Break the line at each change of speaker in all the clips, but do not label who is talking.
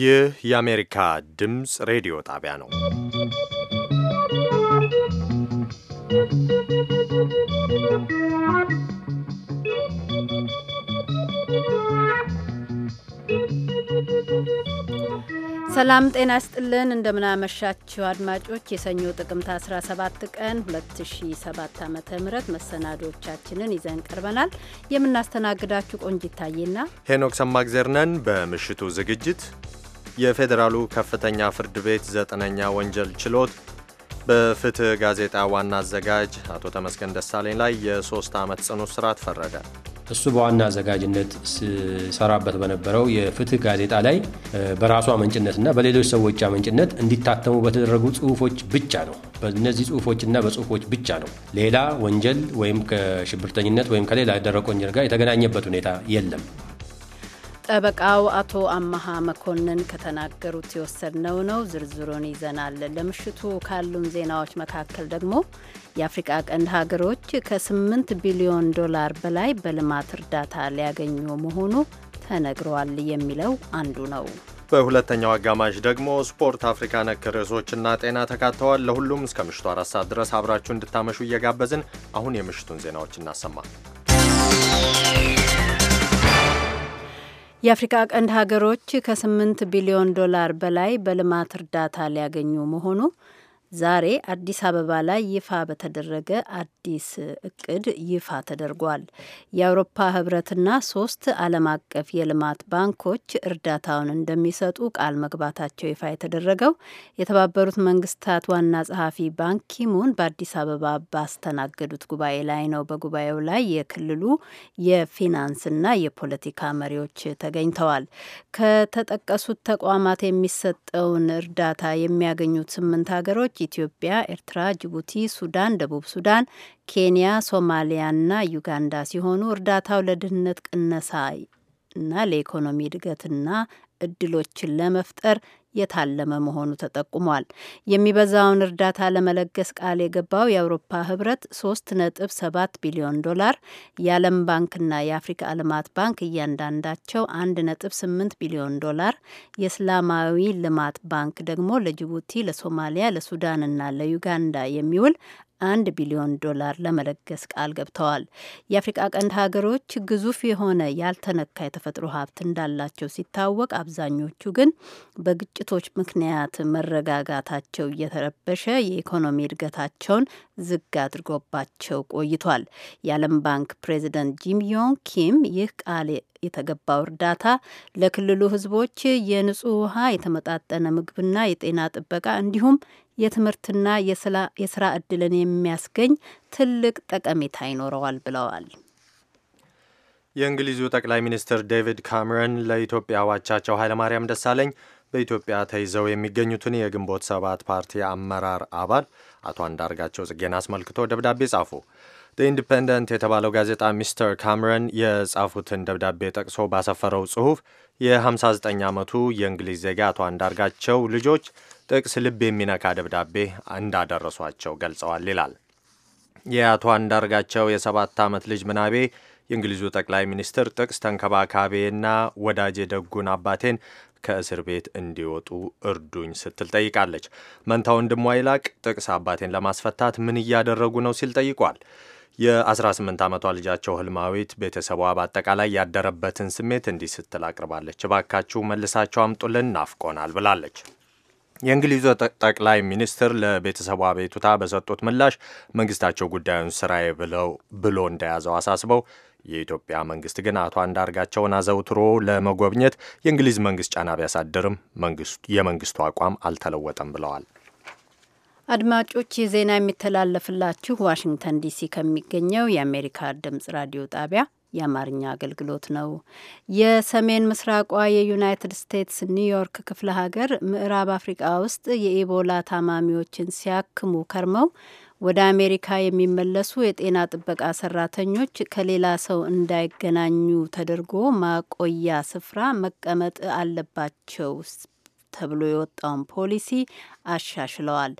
ይህ የአሜሪካ ድምፅ ሬዲዮ ጣቢያ ነው።
ሰላም ጤና ይስጥልን። እንደምናመሻችው አድማጮች የሰኞ ጥቅምት 17 ቀን 2007 ዓ ም መሰናዶቻችንን ይዘን ቀርበናል። የምናስተናግዳችሁ ቆንጂት ታዬና
ሄኖክ ሰማግዘርነን በምሽቱ ዝግጅት የፌዴራሉ ከፍተኛ ፍርድ ቤት ዘጠነኛ ወንጀል ችሎት በፍትህ ጋዜጣ ዋና አዘጋጅ አቶ ተመስገን ደሳለኝ ላይ የሶስት ዓመት ጽኑ እስራት ፈረደ።
እሱ በዋና አዘጋጅነት ሲሰራበት በነበረው የፍትህ ጋዜጣ ላይ በራሱ አመንጭነትና በሌሎች ሰዎች አመንጭነት እንዲታተሙ በተደረጉ ጽሁፎች ብቻ ነው። በእነዚህ ጽሁፎችና በጽሁፎች ብቻ ነው። ሌላ ወንጀል ወይም ከሽብርተኝነት ወይም ከሌላ ደረቅ ወንጀል ጋር የተገናኘበት ሁኔታ የለም።
ጠበቃው አቶ አመሃ መኮንን ከተናገሩት የወሰድነው ነው። ዝርዝሩን ይዘናል። ለምሽቱ ካሉን ዜናዎች መካከል ደግሞ የአፍሪቃ ቀንድ ሀገሮች ከ8 ቢሊዮን ዶላር በላይ በልማት እርዳታ ሊያገኙ መሆኑ ተነግረዋል የሚለው አንዱ ነው።
በሁለተኛው አጋማሽ ደግሞ ስፖርት፣ አፍሪካ ነክ ርዕሶችና ጤና ተካተዋል። ለሁሉም እስከ ምሽቱ አራት ሰዓት ድረስ አብራችሁ እንድታመሹ እየጋበዝን አሁን የምሽቱን ዜናዎች እናሰማ።
የአፍሪካ ቀንድ ሀገሮች ከስምንት ቢሊዮን ዶላር በላይ በልማት እርዳታ ሊያገኙ መሆኑ ዛሬ አዲስ አበባ ላይ ይፋ በተደረገ አዲስ እቅድ ይፋ ተደርጓል። የአውሮፓ ህብረትና ሶስት ዓለም አቀፍ የልማት ባንኮች እርዳታውን እንደሚሰጡ ቃል መግባታቸው ይፋ የተደረገው የተባበሩት መንግስታት ዋና ጸሐፊ ባንኪሙን በአዲስ አበባ ባስተናገዱት ጉባኤ ላይ ነው። በጉባኤው ላይ የክልሉ የፊናንስና የፖለቲካ መሪዎች ተገኝተዋል። ከተጠቀሱት ተቋማት የሚሰጠውን እርዳታ የሚያገኙት ስምንት ሀገሮች ኢትዮጵያ፣ ኤርትራ፣ ጅቡቲ፣ ሱዳን፣ ደቡብ ሱዳን፣ ኬንያ፣ ሶማሊያና ዩጋንዳ ሲሆኑ እርዳታው ለድህነት ቅነሳ እና ለኢኮኖሚ እድገትና እድሎችን ለመፍጠር የታለመ መሆኑ ተጠቁሟል። የሚበዛውን እርዳታ ለመለገስ ቃል የገባው የአውሮፓ ህብረት ሶስት ነጥብ ቢሊዮን ዶላር የዓለም ባንክና የአፍሪካ ልማት ባንክ እያንዳንዳቸው 1.8 ቢሊዮን ዶላር፣ የእስላማዊ ልማት ባንክ ደግሞ ለጅቡቲ፣ ለሶማሊያ፣ ለሱዳንና ለዩጋንዳ የሚውል አንድ ቢሊዮን ዶላር ለመለገስ ቃል ገብተዋል። የአፍሪቃ ቀንድ ሀገሮች ግዙፍ የሆነ ያልተነካ የተፈጥሮ ሀብት እንዳላቸው ሲታወቅ፣ አብዛኞቹ ግን በግጭቶች ምክንያት መረጋጋታቸው እየተረበሸ የኢኮኖሚ እድገታቸውን ዝግ አድርጎባቸው ቆይቷል። የዓለም ባንክ ፕሬዚደንት ጂም ዮንግ ኪም ይህ ቃል የተገባው እርዳታ ለክልሉ ህዝቦች የንጹህ ውሃ፣ የተመጣጠነ ምግብና የጤና ጥበቃ እንዲሁም የትምህርትና የስራ እድልን የሚያስገኝ ትልቅ ጠቀሜታ ይኖረዋል ብለዋል።
የእንግሊዙ ጠቅላይ ሚኒስትር ዴቪድ ካምረን ለኢትዮጵያ ዋቻቸው ኃይለማርያም ደሳለኝ በኢትዮጵያ ተይዘው የሚገኙትን የግንቦት ሰባት ፓርቲ አመራር አባል አቶ አንዳርጋቸው ጽጌን አስመልክቶ ደብዳቤ ጻፉ። ኢንዲፐንደንት የተባለው ጋዜጣ ሚስተር ካምረን የጻፉትን ደብዳቤ ጠቅሶ ባሰፈረው ጽሑፍ የ59 ዓመቱ የእንግሊዝ ዜጋ አቶ አንዳርጋቸው ልጆች ጥቅስ ልብ የሚነካ ደብዳቤ እንዳደረሷቸው ገልጸዋል ይላል። የአቶ አንዳርጋቸው የሰባት ዓመት ልጅ ምናቤ የእንግሊዙ ጠቅላይ ሚኒስትር ጥቅስ ተንከባካቤና ወዳጅ ደጉን አባቴን ከእስር ቤት እንዲወጡ እርዱኝ ስትል ጠይቃለች። መንታ ወንድሟ ይላቅ ጥቅስ አባቴን ለማስፈታት ምን እያደረጉ ነው ሲል ጠይቋል። የ18 ዓመቷ ልጃቸው ህልማዊት ቤተሰቧ በአጠቃላይ ያደረበትን ስሜት እንዲህ ስትል አቅርባለች። እባካችሁ መልሳቸው አምጡልን፣ ናፍቆናል ብላለች። የእንግሊዙ ጠቅላይ ሚኒስትር ለቤተሰቡ አቤቱታ በሰጡት ምላሽ መንግስታቸው ጉዳዩን ስራዬ ብለው ብሎ እንደያዘው አሳስበው የኢትዮጵያ መንግስት ግን አቶ አንዳርጋቸውን አዘውትሮ ለመጎብኘት የእንግሊዝ መንግስት ጫና ቢያሳድርም የመንግስቱ አቋም አልተለወጠም ብለዋል።
አድማጮች ይህ ዜና የሚተላለፍላችሁ ዋሽንግተን ዲሲ ከሚገኘው የአሜሪካ ድምጽ ራዲዮ ጣቢያ የአማርኛ አገልግሎት ነው። የሰሜን ምስራቋ የዩናይትድ ስቴትስ ኒውዮርክ ክፍለ ሀገር ምዕራብ አፍሪቃ ውስጥ የኢቦላ ታማሚዎችን ሲያክሙ ከርመው ወደ አሜሪካ የሚመለሱ የጤና ጥበቃ ሰራተኞች ከሌላ ሰው እንዳይገናኙ ተደርጎ ማቆያ ስፍራ መቀመጥ አለባቸው ተብሎ የወጣውን ፖሊሲ አሻሽለዋል።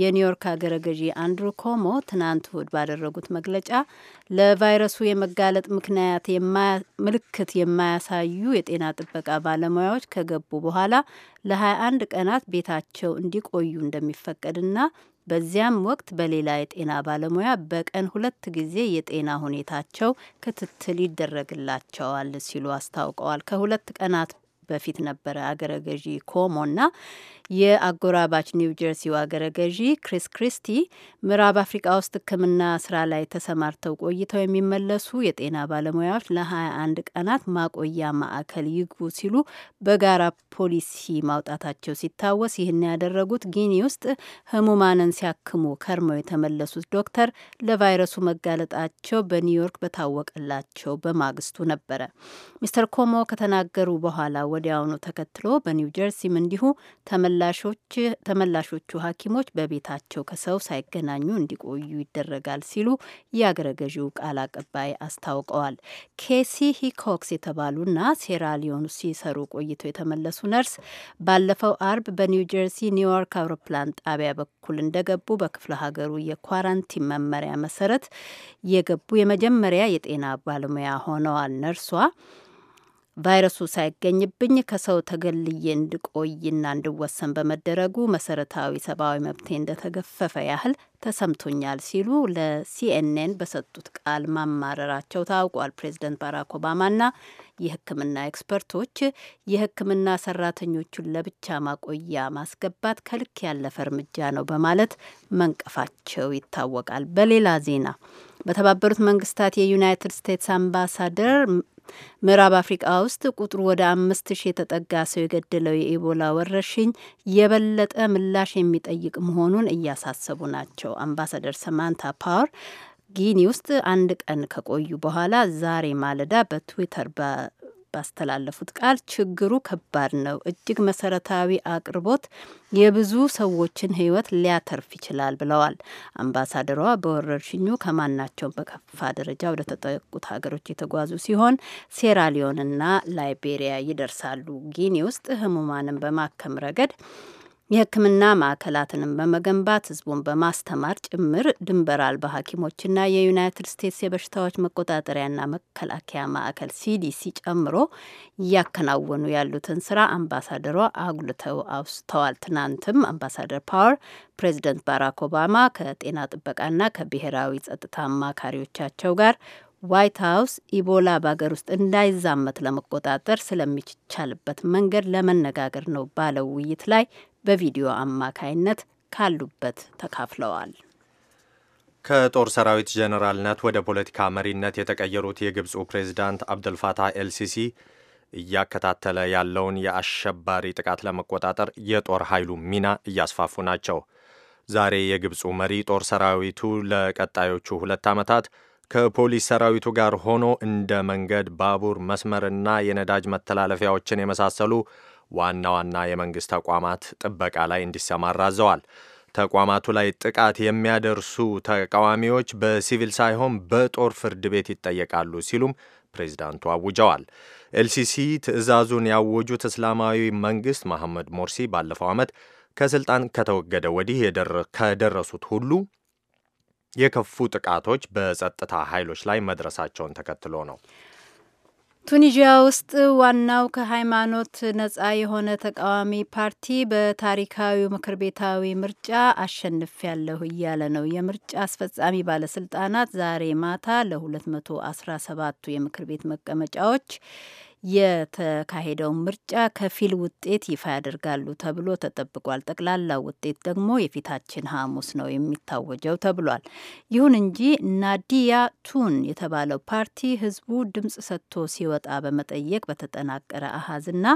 የኒውዮርክ ሀገረ ገዢ አንድሩ ኮሞ ትናንት እሁድ ባደረጉት መግለጫ ለቫይረሱ የመጋለጥ ምክንያት ምልክት የማያሳዩ የጤና ጥበቃ ባለሙያዎች ከገቡ በኋላ ለ21 ቀናት ቤታቸው እንዲቆዩ እንደሚፈቀድና በዚያም ወቅት በሌላ የጤና ባለሙያ በቀን ሁለት ጊዜ የጤና ሁኔታቸው ክትትል ይደረግላቸዋል ሲሉ አስታውቀዋል። ከሁለት ቀናት በፊት ነበረ አገረ ገዢ ኮሞና የአጎራባች ኒው ጀርሲው አገረ ገዢ ክሪስ ክሪስቲ ምዕራብ አፍሪቃ ውስጥ ሕክምና ስራ ላይ ተሰማርተው ቆይተው የሚመለሱ የጤና ባለሙያዎች ለ21 ቀናት ማቆያ ማዕከል ይግቡ ሲሉ በጋራ ፖሊሲ ማውጣታቸው ሲታወስ ይህን ያደረጉት ጊኒ ውስጥ ህሙማንን ሲያክሙ ከርመው የተመለሱት ዶክተር ለቫይረሱ መጋለጣቸው በኒውዮርክ በታወቀላቸው በማግስቱ ነበረ። ሚስተር ኮሞ ከተናገሩ በኋላ ወደ ወዲያውኑ ተከትሎ በኒው ጀርሲም እንዲሁ ተመላሾቹ ሐኪሞች በቤታቸው ከሰው ሳይገናኙ እንዲቆዩ ይደረጋል ሲሉ የአገረ ገዢው ቃል አቀባይ አስታውቀዋል። ኬሲ ሂኮክስ የተባሉና ሴራሊዮን ሲሰሩ ቆይተው የተመለሱ ነርስ ባለፈው አርብ በኒው ጀርሲ ኒውዮርክ አውሮፕላን ጣቢያ በኩል እንደገቡ በክፍለ ሀገሩ የኳራንቲን መመሪያ መሰረት የገቡ የመጀመሪያ የጤና ባለሙያ ሆነዋል። ነርሷ ቫይረሱ ሳይገኝብኝ ከሰው ተገልዬ እንድቆይና እንድወሰን በመደረጉ መሰረታዊ ሰብአዊ መብቴ እንደተገፈፈ ያህል ተሰምቶኛል ሲሉ ለሲኤንኤን በሰጡት ቃል ማማረራቸው ታውቋል። ፕሬዚደንት ባራክ ኦባማና የሕክምና ኤክስፐርቶች የሕክምና ሰራተኞቹን ለብቻ ማቆያ ማስገባት ከልክ ያለፈ እርምጃ ነው በማለት መንቀፋቸው ይታወቃል። በሌላ ዜና በተባበሩት መንግስታት የዩናይትድ ስቴትስ አምባሳደር ምዕራብ አፍሪቃ ውስጥ ቁጥሩ ወደ አምስት ሺህ የተጠጋ ሰው የገደለው የኢቦላ ወረርሽኝ የበለጠ ምላሽ የሚጠይቅ መሆኑን እያሳሰቡ ናቸው። አምባሳደር ሰማንታ ፓወር ጊኒ ውስጥ አንድ ቀን ከቆዩ በኋላ ዛሬ ማለዳ በትዊተር ባስተላለፉት ቃል ችግሩ ከባድ ነው፣ እጅግ መሰረታዊ አቅርቦት የብዙ ሰዎችን ሕይወት ሊያተርፍ ይችላል ብለዋል። አምባሳደሯ በወረርሽኙ ከማናቸውም በከፋ ደረጃ ወደ ተጠቁት ሀገሮች የተጓዙ ሲሆን ሴራሊዮንና ላይቤሪያ ይደርሳሉ። ጊኒ ውስጥ ህሙማንን በማከም ረገድ የሕክምና ማዕከላትንም በመገንባት ህዝቡን በማስተማር ጭምር ድንበር አልባ ሐኪሞችና የዩናይትድ ስቴትስ የበሽታዎች መቆጣጠሪያና መከላከያ ማዕከል ሲዲሲ ጨምሮ እያከናወኑ ያሉትን ስራ አምባሳደሯ አጉልተው አውስተዋል። ትናንትም አምባሳደር ፓወር ፕሬዚደንት ባራክ ኦባማ ከጤና ጥበቃና ከብሔራዊ ጸጥታ አማካሪዎቻቸው ጋር ዋይት ሀውስ ኢቦላ በሀገር ውስጥ እንዳይዛመት ለመቆጣጠር ስለሚቻልበት መንገድ ለመነጋገር ነው ባለው ውይይት ላይ በቪዲዮ አማካይነት ካሉበት ተካፍለዋል።
ከጦር ሰራዊት ጀኔራልነት ወደ ፖለቲካ መሪነት የተቀየሩት የግብፁ ፕሬዚዳንት አብደልፋታህ ኤልሲሲ እያከታተለ ያለውን የአሸባሪ ጥቃት ለመቆጣጠር የጦር ኃይሉ ሚና እያስፋፉ ናቸው። ዛሬ የግብፁ መሪ ጦር ሰራዊቱ ለቀጣዮቹ ሁለት ዓመታት ከፖሊስ ሰራዊቱ ጋር ሆኖ እንደ መንገድ፣ ባቡር መስመርና የነዳጅ መተላለፊያዎችን የመሳሰሉ ዋና ዋና የመንግስት ተቋማት ጥበቃ ላይ እንዲሰማራ አዘዋል። ተቋማቱ ላይ ጥቃት የሚያደርሱ ተቃዋሚዎች በሲቪል ሳይሆን በጦር ፍርድ ቤት ይጠየቃሉ ሲሉም ፕሬዚዳንቱ አውጀዋል። ኤልሲሲ ትዕዛዙን ያወጁት እስላማዊ መንግስት መሐመድ ሞርሲ ባለፈው ዓመት ከስልጣን ከተወገደ ወዲህ ከደረሱት ሁሉ የከፉ ጥቃቶች በጸጥታ ኃይሎች ላይ መድረሳቸውን ተከትሎ ነው።
ቱኒዥያ ውስጥ ዋናው ከሃይማኖት ነጻ የሆነ ተቃዋሚ ፓርቲ በታሪካዊ ምክር ቤታዊ ምርጫ ያለሁ እያለ ነው። የምርጫ አስፈጻሚ ባለስልጣናት ዛሬ ማታ ለ217ቱ የምክር ቤት መቀመጫዎች የተካሄደውን ምርጫ ከፊል ውጤት ይፋ ያደርጋሉ ተብሎ ተጠብቋል። ጠቅላላ ውጤት ደግሞ የፊታችን ሐሙስ ነው የሚታወጀው ተብሏል። ይሁን እንጂ ናዲያ ቱን የተባለው ፓርቲ ህዝቡ ድምፅ ሰጥቶ ሲወጣ በመጠየቅ በተጠናቀረ አሀዝና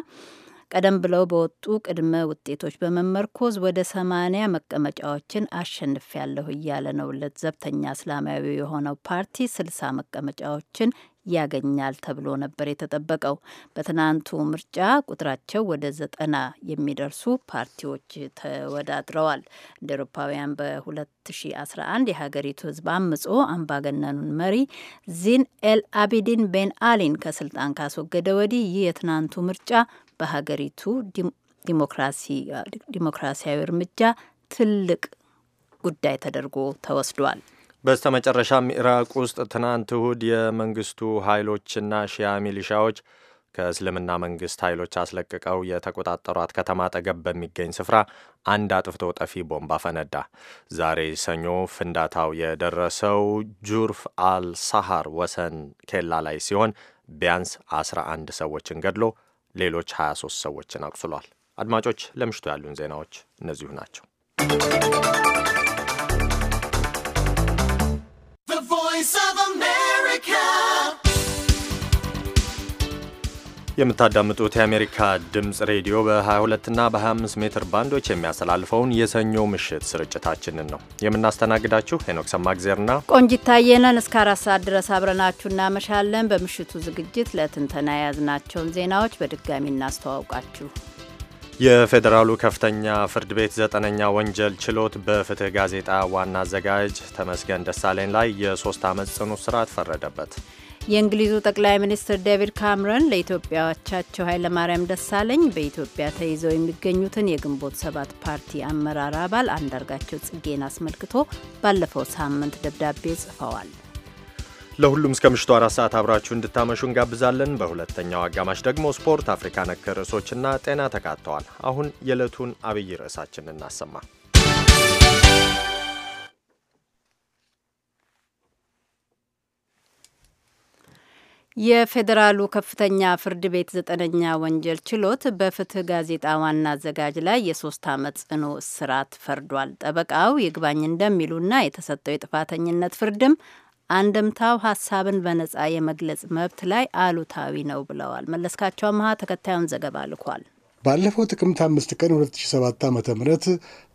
ቀደም ብለው በወጡ ቅድመ ውጤቶች በመመርኮዝ ወደ ሰማንያ መቀመጫዎችን አሸንፊያለሁ እያለ ነው። ለዘብተኛ እስላማዊ የሆነው ፓርቲ ስልሳ መቀመጫዎችን ያገኛል ተብሎ ነበር የተጠበቀው። በትናንቱ ምርጫ ቁጥራቸው ወደ ዘጠና የሚደርሱ ፓርቲዎች ተወዳድረዋል። እንደ ኤሮፓውያን በ2011 የሀገሪቱ ሕዝብ አምጾ አምባገነኑን መሪ ዚን ኤል አቢዲን ቤን አሊን ከስልጣን ካስወገደ ወዲህ ይህ የትናንቱ ምርጫ በሀገሪቱ ዲሞክራሲያዊ እርምጃ ትልቅ ጉዳይ ተደርጎ ተወስዷል።
በስተ መጨረሻም ኢራቅ ውስጥ ትናንት እሁድ የመንግስቱ ኃይሎችና ሺያ ሚሊሻዎች ከእስልምና መንግስት ኃይሎች አስለቅቀው የተቆጣጠሯት ከተማ አጠገብ በሚገኝ ስፍራ አንድ አጥፍቶ ጠፊ ቦምብ አፈነዳ። ዛሬ ሰኞ ፍንዳታው የደረሰው ጁርፍ አልሳሃር ወሰን ኬላ ላይ ሲሆን ቢያንስ 11 ሰዎችን ገድሎ ሌሎች 23 ሰዎችን አቁስሏል። አድማጮች ለምሽቱ ያሉን ዜናዎች እነዚሁ ናቸው። የምታዳምጡት የአሜሪካ ድምፅ ሬዲዮ በ22 እና በ25 ሜትር ባንዶች የሚያስተላልፈውን የሰኞ ምሽት ስርጭታችንን ነው የምናስተናግዳችሁ። ሄኖክ ሰማግዜርና
ቆንጂት ታየ እስከ አራት ሰዓት ድረስ አብረናችሁ እናመሻለን። በምሽቱ ዝግጅት ለትንተና የያዝናቸውን ዜናዎች በድጋሚ እናስተዋውቃችሁ።
የፌዴራሉ ከፍተኛ ፍርድ ቤት ዘጠነኛ ወንጀል ችሎት በፍትህ ጋዜጣ ዋና አዘጋጅ ተመስገን ደሳለኝ ላይ የሶስት ዓመት ጽኑ እስራት ፈረደበት።
የእንግሊዙ ጠቅላይ ሚኒስትር ዴቪድ ካምረን ለኢትዮጵያ አቻቸው ኃይለማርያም ደሳለኝ በኢትዮጵያ ተይዘው የሚገኙትን የግንቦት ሰባት ፓርቲ አመራር አባል አንዳርጋቸው ጽጌን አስመልክቶ ባለፈው ሳምንት ደብዳቤ ጽፈዋል።
ለሁሉም እስከ ምሽቱ አራት ሰዓት አብራችሁ እንድታመሹ እንጋብዛለን። በሁለተኛው አጋማሽ ደግሞ ስፖርት፣ አፍሪካ ነክ ርዕሶችና ጤና ተካተዋል። አሁን የዕለቱን አብይ ርዕሳችን እናሰማ።
የፌዴራሉ ከፍተኛ ፍርድ ቤት ዘጠነኛ ወንጀል ችሎት በፍትህ ጋዜጣ ዋና አዘጋጅ ላይ የሶስት ዓመት ጽኑ እስራት ፈርዷል። ጠበቃው ይግባኝ እንደሚሉና የተሰጠው የጥፋተኝነት ፍርድም አንድምታው ሀሳብን በነጻ የመግለጽ መብት ላይ አሉታዊ ነው ብለዋል። መለስካቸው አመሀ ተከታዩን ዘገባ ልኳል።
ባለፈው ጥቅምት አምስት ቀን 2007 ዓ ም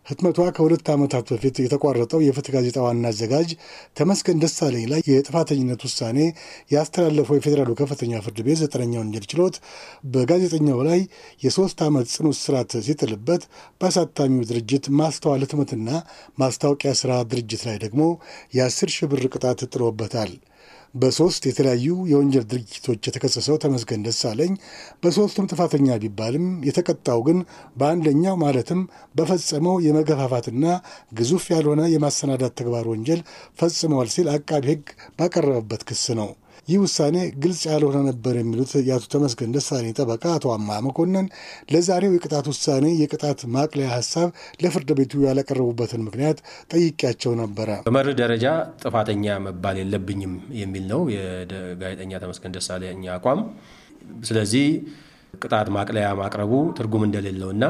ህትመቷ ከሁለት ዓመታት በፊት የተቋረጠው የፍትህ ጋዜጣ ዋና አዘጋጅ ተመስገን ደሳለኝ ላይ የጥፋተኝነት ውሳኔ ያስተላለፈው የፌዴራሉ ከፍተኛ ፍርድ ቤት ዘጠነኛ ወንጀል ችሎት በጋዜጠኛው ላይ የሶስት ዓመት ጽኑ እስራት ሲጥልበት በአሳታሚው ድርጅት ማስተዋል ህትመትና ማስታወቂያ ስራ ድርጅት ላይ ደግሞ የአስር ሺህ ብር ቅጣት ጥሎበታል። በሶስት የተለያዩ የወንጀል ድርጊቶች የተከሰሰው ተመስገን ደሳለኝ በሶስቱም ጥፋተኛ ቢባልም የተቀጣው ግን በአንደኛው ማለትም በፈጸመው የመገፋፋትና ግዙፍ ያልሆነ የማሰናዳት ተግባር ወንጀል ፈጽመዋል ሲል አቃቢ ሕግ ባቀረበበት ክስ ነው። ይህ ውሳኔ ግልጽ ያልሆነ ነበር የሚሉት የአቶ ተመስገን ደሳሌ ጠበቃ አቶ አማ መኮንን ለዛሬው የቅጣት ውሳኔ የቅጣት ማቅለያ ሀሳብ ለፍርድ ቤቱ ያላቀረቡበትን ምክንያት ጠይቄያቸው ነበረ።
በመርህ ደረጃ ጥፋተኛ መባል የለብኝም የሚል ነው የጋዜጠኛ ተመስገን ደሳለኝ አቋም። ስለዚህ ቅጣት ማቅለያ ማቅረቡ ትርጉም እና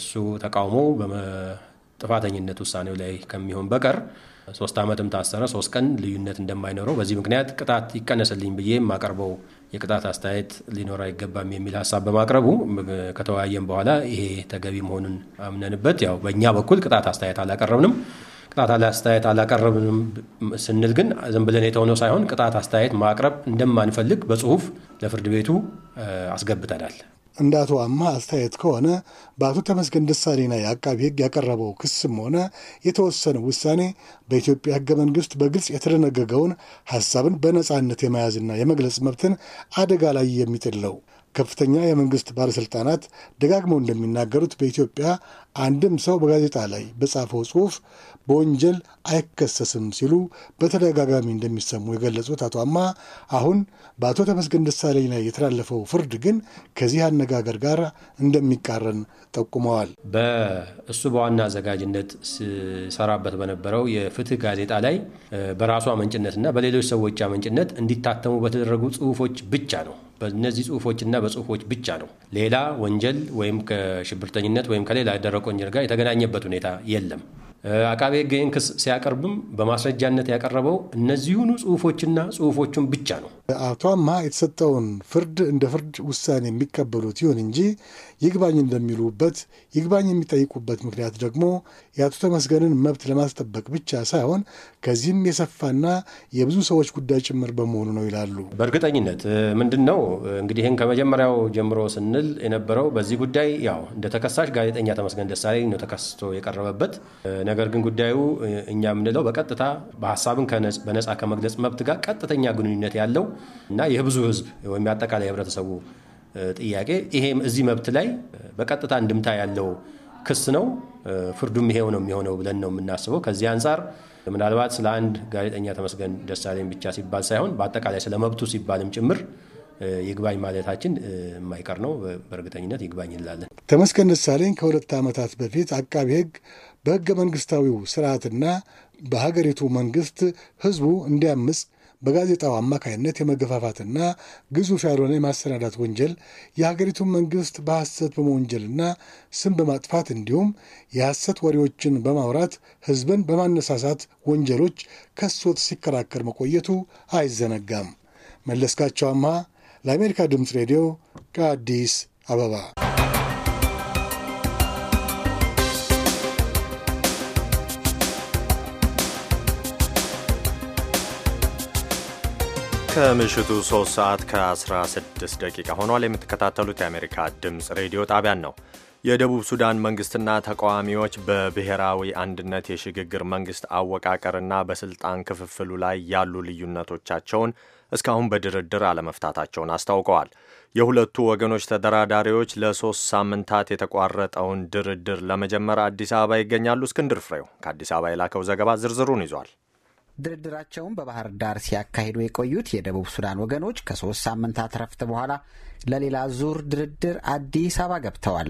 እሱ ተቃውሞ በጥፋተኝነት ውሳኔው ላይ ከሚሆን በቀር ሶስት ዓመትም ታሰረ ሶስት ቀን ልዩነት እንደማይኖረው በዚህ ምክንያት ቅጣት ይቀነስልኝ ብዬ የማቀርበው የቅጣት አስተያየት ሊኖር አይገባም የሚል ሀሳብ በማቅረቡ ከተወያየም በኋላ ይሄ ተገቢ መሆኑን አምነንበት ያው በእኛ በኩል ቅጣት አስተያየት አላቀረብንም። ቅጣት አስተያየት አላቀረብንም ስንል ግን ዝም ብለን የተሆነው ሳይሆን ቅጣት አስተያየት ማቅረብ እንደማንፈልግ በጽሁፍ ለፍርድ ቤቱ አስገብተናል።
እንደ አቶ አማ አስተያየት ከሆነ በአቶ ተመስገን ደሳሌና የአቃቢ አቃቢ ሕግ ያቀረበው ክስም ሆነ የተወሰነ ውሳኔ በኢትዮጵያ ሕገ መንግስት በግልጽ የተደነገገውን ሀሳብን በነጻነት የመያዝና የመግለጽ መብትን አደጋ ላይ የሚጥል ነው። ከፍተኛ የመንግስት ባለሥልጣናት ደጋግመው እንደሚናገሩት በኢትዮጵያ አንድም ሰው በጋዜጣ ላይ በጻፈው ጽሑፍ በወንጀል አይከሰስም ሲሉ በተደጋጋሚ እንደሚሰሙ የገለጹት አቶ አማ አሁን በአቶ ተመስገን ደሳለኝ ላይ የተላለፈው ፍርድ ግን ከዚህ አነጋገር ጋር እንደሚቃረን ጠቁመዋል።
በእሱ በዋና አዘጋጅነት ሲሰራበት በነበረው የፍትህ ጋዜጣ ላይ በራሱ አመንጭነትና በሌሎች ሰዎች አመንጭነት እንዲታተሙ በተደረጉ ጽሑፎች ብቻ ነው በእነዚህ ጽሁፎችና በጽሁፎች ብቻ ነው። ሌላ ወንጀል ወይም ከሽብርተኝነት ወይም ከሌላ የደረቀ ወንጀል ጋር የተገናኘበት ሁኔታ የለም። አቃቤ ሕግ ይህን ክስ ሲያቀርብም በማስረጃነት ያቀረበው እነዚሁኑ ጽሁፎችና ጽሁፎቹን ብቻ ነው።
አቶ አማ የተሰጠውን ፍርድ እንደ ፍርድ ውሳኔ የሚቀበሉት ይሁን እንጂ ይግባኝ እንደሚሉበት ይግባኝ የሚጠይቁበት ምክንያት ደግሞ የአቶ ተመስገንን መብት ለማስጠበቅ ብቻ ሳይሆን ከዚህም የሰፋና የብዙ ሰዎች ጉዳይ ጭምር በመሆኑ ነው ይላሉ።
በእርግጠኝነት ምንድን ነው እንግዲህ ይህን ከመጀመሪያው ጀምሮ ስንል የነበረው በዚህ ጉዳይ ያው እንደ ተከሳሽ ጋዜጠኛ ተመስገን ደሳለኝ ነው ተከስቶ የቀረበበት። ነገር ግን ጉዳዩ እኛ የምንለው በቀጥታ በሀሳብን በነፃ ከመግለጽ መብት ጋር ቀጥተኛ ግንኙነት ያለው እና የብዙ ህዝብ ወይም የአጠቃላይ ህብረተሰቡ ጥያቄ ይሄም እዚህ መብት ላይ በቀጥታ እንድምታ ያለው ክስ ነው። ፍርዱም ይሄው ነው የሚሆነው ብለን ነው የምናስበው። ከዚህ አንጻር ምናልባት ስለ አንድ ጋዜጠኛ ተመስገን ደሳለኝ ብቻ ሲባል ሳይሆን በአጠቃላይ ስለ መብቱ ሲባልም ጭምር ይግባኝ ማለታችን የማይቀር ነው። በእርግጠኝነት ይግባኝ እንላለን።
ተመስገን ደሳለኝ ከሁለት ዓመታት በፊት አቃቢ ሕግ በሕገ መንግሥታዊው ስርዓትና በሀገሪቱ መንግሥት ሕዝቡ እንዲያምፅ በጋዜጣው አማካይነት የመገፋፋትና ግዙፍ ያልሆነ የማሰናዳት ወንጀል የሀገሪቱን መንግስት በሐሰት በመወንጀልና ስም በማጥፋት እንዲሁም የሐሰት ወሬዎችን በማውራት ህዝብን በማነሳሳት ወንጀሎች ከሶት ሲከራከር መቆየቱ አይዘነጋም። መለስካቸው አማ ለአሜሪካ ድምፅ ሬዲዮ ከአዲስ አበባ
ከምሽቱ 3 ሰዓት ከ16 ደቂቃ ሆኗል። የምትከታተሉት የአሜሪካ ድምፅ ሬዲዮ ጣቢያን ነው። የደቡብ ሱዳን መንግስትና ተቃዋሚዎች በብሔራዊ አንድነት የሽግግር መንግስት አወቃቀርና በስልጣን ክፍፍሉ ላይ ያሉ ልዩነቶቻቸውን እስካሁን በድርድር አለመፍታታቸውን አስታውቀዋል። የሁለቱ ወገኖች ተደራዳሪዎች ለሶስት ሳምንታት የተቋረጠውን ድርድር ለመጀመር አዲስ አበባ ይገኛሉ። እስክንድር ፍሬው ከአዲስ አበባ የላከው ዘገባ ዝርዝሩን ይዟል።
ድርድራቸውን በባህር ዳር ሲያካሂዱ የቆዩት የደቡብ ሱዳን ወገኖች ከሶስት ሳምንታት ረፍት በኋላ ለሌላ ዙር ድርድር አዲስ አበባ ገብተዋል።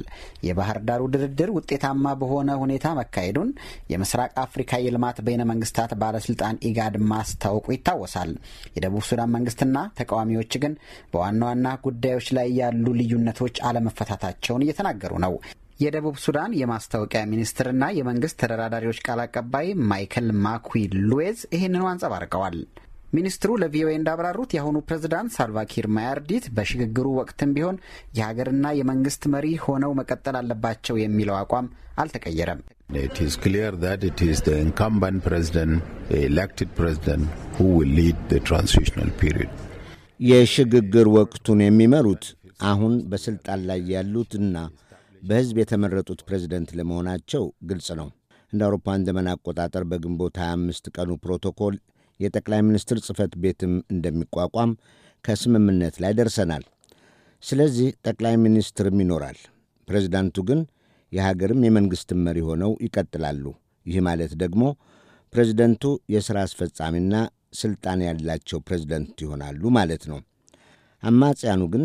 የባህር ዳሩ ድርድር ውጤታማ በሆነ ሁኔታ መካሄዱን የምስራቅ አፍሪካ የልማት በይነ መንግስታት ባለስልጣን ኢጋድ ማስታወቁ ይታወሳል። የደቡብ ሱዳን መንግስትና ተቃዋሚዎች ግን በዋና ዋና ጉዳዮች ላይ ያሉ ልዩነቶች አለመፈታታቸውን እየተናገሩ ነው። የደቡብ ሱዳን የማስታወቂያ ሚኒስትርና የመንግስት ተደራዳሪዎች ቃል አቀባይ ማይክል ማኩዊ ሉዌዝ ይህንኑ አንጸባርቀዋል። ሚኒስትሩ ለቪኦኤ እንዳብራሩት የአሁኑ ፕሬዝዳንት ሳልቫኪር ማያርዲት በሽግግሩ ወቅትም ቢሆን የሀገርና የመንግስት መሪ ሆነው መቀጠል አለባቸው የሚለው አቋም አልተቀየረም።
የሽግግር
ወቅቱን የሚመሩት አሁን በስልጣን ላይ ያሉትና በሕዝብ የተመረጡት ፕሬዚደንት ለመሆናቸው ግልጽ ነው። እንደ አውሮፓውያን ዘመን አቆጣጠር በግንቦት 25 ቀኑ ፕሮቶኮል የጠቅላይ ሚኒስትር ጽህፈት ቤትም እንደሚቋቋም ከስምምነት ላይ ደርሰናል። ስለዚህ ጠቅላይ ሚኒስትርም ይኖራል። ፕሬዚዳንቱ ግን የሀገርም የመንግሥትም መሪ ሆነው ይቀጥላሉ። ይህ ማለት ደግሞ ፕሬዚደንቱ የሥራ አስፈጻሚና ሥልጣን ያላቸው ፕሬዚደንት ይሆናሉ ማለት ነው። አማጽያኑ ግን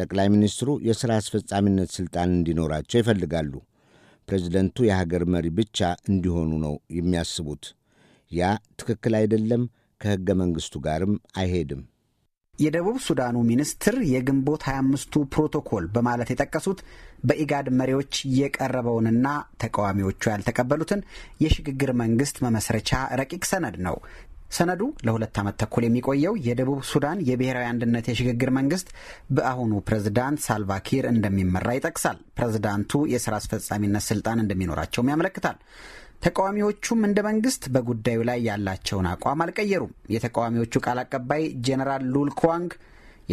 ጠቅላይ ሚኒስትሩ የሥራ አስፈጻሚነት ሥልጣን እንዲኖራቸው ይፈልጋሉ። ፕሬዚደንቱ የሀገር መሪ ብቻ እንዲሆኑ ነው የሚያስቡት። ያ ትክክል አይደለም፣ ከሕገ መንግሥቱ ጋርም አይሄድም።
የደቡብ ሱዳኑ ሚኒስትር የግንቦት 25ቱ ፕሮቶኮል በማለት የጠቀሱት በኢጋድ መሪዎች የቀረበውንና ተቃዋሚዎቹ ያልተቀበሉትን የሽግግር መንግስት መመስረቻ ረቂቅ ሰነድ ነው። ሰነዱ ለሁለት ዓመት ተኩል የሚቆየው የደቡብ ሱዳን የብሔራዊ አንድነት የሽግግር መንግስት በአሁኑ ፕሬዝዳንት ሳልቫኪር እንደሚመራ ይጠቅሳል። ፕሬዝዳንቱ የሥራ አስፈጻሚነት ስልጣን እንደሚኖራቸውም ያመለክታል። ተቃዋሚዎቹም እንደ መንግስት በጉዳዩ ላይ ያላቸውን አቋም አልቀየሩም። የተቃዋሚዎቹ ቃል አቀባይ ጄኔራል ሉል ኩዋንግ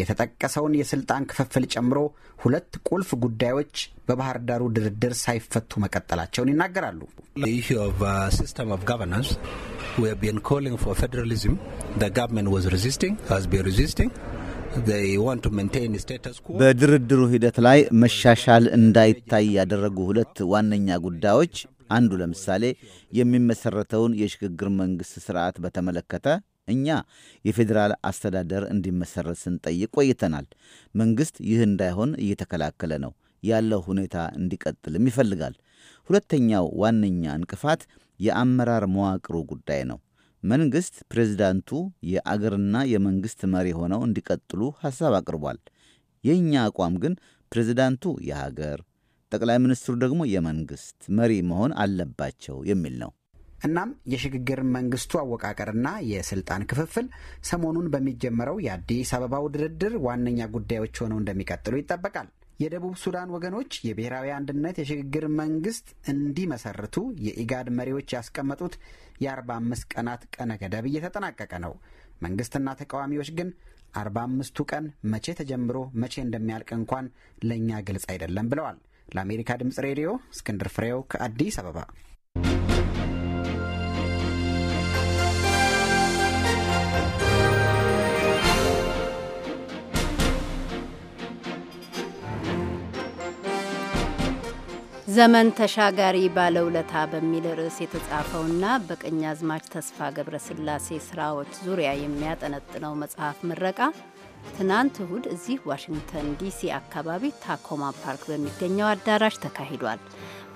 የተጠቀሰውን የስልጣን ክፍፍል ጨምሮ ሁለት ቁልፍ ጉዳዮች በባህር ዳሩ ድርድር ሳይፈቱ መቀጠላቸውን ይናገራሉ።
uh, በድርድሩ
ሂደት ላይ መሻሻል እንዳይታይ ያደረጉ ሁለት ዋነኛ ጉዳዮች አንዱ ለምሳሌ የሚመሰረተውን የሽግግር መንግሥት ስርዓት በተመለከተ እኛ የፌዴራል አስተዳደር እንዲመሰረት ስንጠይቅ ቆይተናል። መንግሥት ይህ እንዳይሆን እየተከላከለ ነው። ያለው ሁኔታ እንዲቀጥልም ይፈልጋል። ሁለተኛው ዋነኛ እንቅፋት የአመራር መዋቅሩ ጉዳይ ነው። መንግሥት ፕሬዚዳንቱ የአገርና የመንግሥት መሪ ሆነው እንዲቀጥሉ ሐሳብ አቅርቧል። የእኛ አቋም ግን ፕሬዚዳንቱ የሀገር ጠቅላይ ሚኒስትሩ
ደግሞ የመንግሥት መሪ መሆን አለባቸው የሚል ነው። እናም የሽግግር መንግስቱ አወቃቀርና የስልጣን ክፍፍል ሰሞኑን በሚጀመረው የአዲስ አበባው ድርድር ዋነኛ ጉዳዮች ሆነው እንደሚቀጥሉ ይጠበቃል። የደቡብ ሱዳን ወገኖች የብሔራዊ አንድነት የሽግግር መንግስት እንዲመሰርቱ የኢጋድ መሪዎች ያስቀመጡት የ45 ቀናት ቀነ ገደብ እየተጠናቀቀ ነው። መንግስትና ተቃዋሚዎች ግን 45ቱ ቀን መቼ ተጀምሮ መቼ እንደሚያልቅ እንኳን ለእኛ ግልጽ አይደለም ብለዋል። ለአሜሪካ ድምፅ ሬዲዮ እስክንድር ፍሬው ከአዲስ አበባ
ዘመን ተሻጋሪ ባለውለታ በሚል ርዕስ የተጻፈውና አዝማች ተስፋ ገብረስላሴ ስራዎች ዙሪያ የሚያጠነጥነው መጽሐፍ ምረቃ ትናንት እሁድ እዚህ ዋሽንግተን ዲሲ አካባቢ ታኮማ ፓርክ በሚገኘው አዳራሽ ተካሂዷል።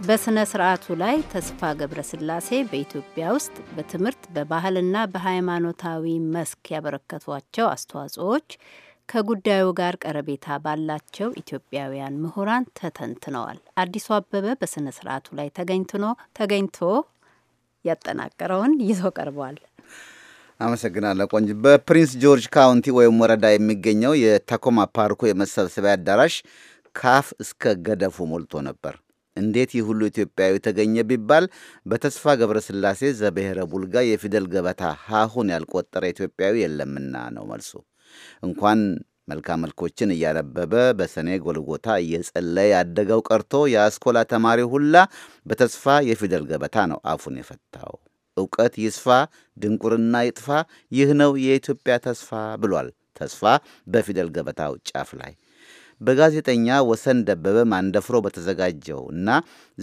በሥነ ሥርዓቱ ላይ ተስፋ ገብረስላሴ በኢትዮጵያ ውስጥ በትምህርት በባህልና በሃይማኖታዊ መስክ ያበረከቷቸው አስተዋጽኦዎች ከጉዳዩ ጋር ቀረቤታ ባላቸው ኢትዮጵያውያን ምሁራን ተተንትነዋል። አዲሱ አበበ በስነ ስርዓቱ ላይ ተገኝትኖ ተገኝቶ ያጠናቀረውን ይዞ ቀርቧል።
አመሰግናለሁ ቆንጅ። በፕሪንስ ጆርጅ ካውንቲ ወይም ወረዳ የሚገኘው የታኮማ ፓርኩ የመሰብሰቢያ አዳራሽ ካፍ እስከ ገደፉ ሞልቶ ነበር። እንዴት ይህ ሁሉ ኢትዮጵያዊ ተገኘ ቢባል በተስፋ ገብረስላሴ ዘብሔረ ቡልጋ የፊደል ገበታ ሀሁን ያልቆጠረ ኢትዮጵያዊ የለምና ነው መልሱ። እንኳን መልካ መልኮችን እያነበበ በሰኔ ጎልጎታ እየጸለየ ያደገው ቀርቶ የአስኮላ ተማሪ ሁላ በተስፋ የፊደል ገበታ ነው አፉን የፈታው። እውቀት ይስፋ፣ ድንቁርና ይጥፋ፣ ይህ ነው የኢትዮጵያ ተስፋ ብሏል። ተስፋ በፊደል ገበታው ጫፍ ላይ በጋዜጠኛ ወሰን ደበበ ማንደፍሮ በተዘጋጀው እና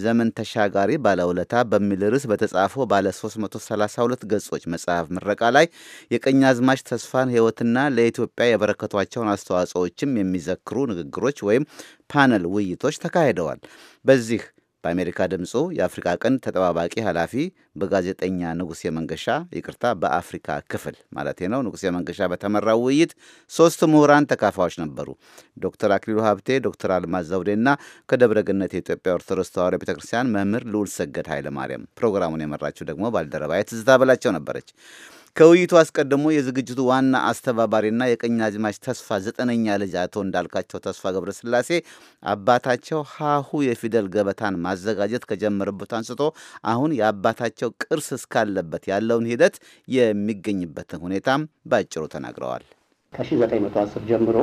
ዘመን ተሻጋሪ ባለውለታ በሚል ርዕስ በተጻፈው ባለ 332 ገጾች መጽሐፍ ምረቃ ላይ አዝማች ተስፋን ሕይወትና ለኢትዮጵያ የበረከቷቸውን አስተዋጽኦችም የሚዘክሩ ንግግሮች ወይም ፓነል ውይይቶች ተካሂደዋል። በዚህ በአሜሪካ ድምፁ የአፍሪካ ቀንድ ተጠባባቂ ኃላፊ በጋዜጠኛ ንጉሴ መንገሻ ይቅርታ፣ በአፍሪካ ክፍል ማለት ነው ንጉሴ መንገሻ በተመራው ውይይት ሶስት ምሁራን ተካፋዮች ነበሩ። ዶክተር አክሊሉ ሀብቴ፣ ዶክተር አልማዝ ዘውዴና ከደብረ የኢትዮጵያ ኦርቶዶክስ ተዋሕዶ ቤተ ክርስቲያን መምህር ልዑል ሰገድ ማርያም። ፕሮግራሙን የመራችው ደግሞ ባልደረባ ትዝታ በላቸው ነበረች። ከውይይቱ አስቀድሞ የዝግጅቱ ዋና አስተባባሪና የቀኛዝማች ተስፋ ዘጠነኛ ልጅ አቶ እንዳልካቸው ተስፋ ገብረስላሴ አባታቸው ሀሁ የፊደል ገበታን ማዘጋጀት ከጀመረበት አንስቶ አሁን የአባታቸው ቅርስ እስካለበት ያለውን ሂደት የሚገኝበትን ሁኔታም ባጭሩ ተናግረዋል። ከ1910 ጀምሮ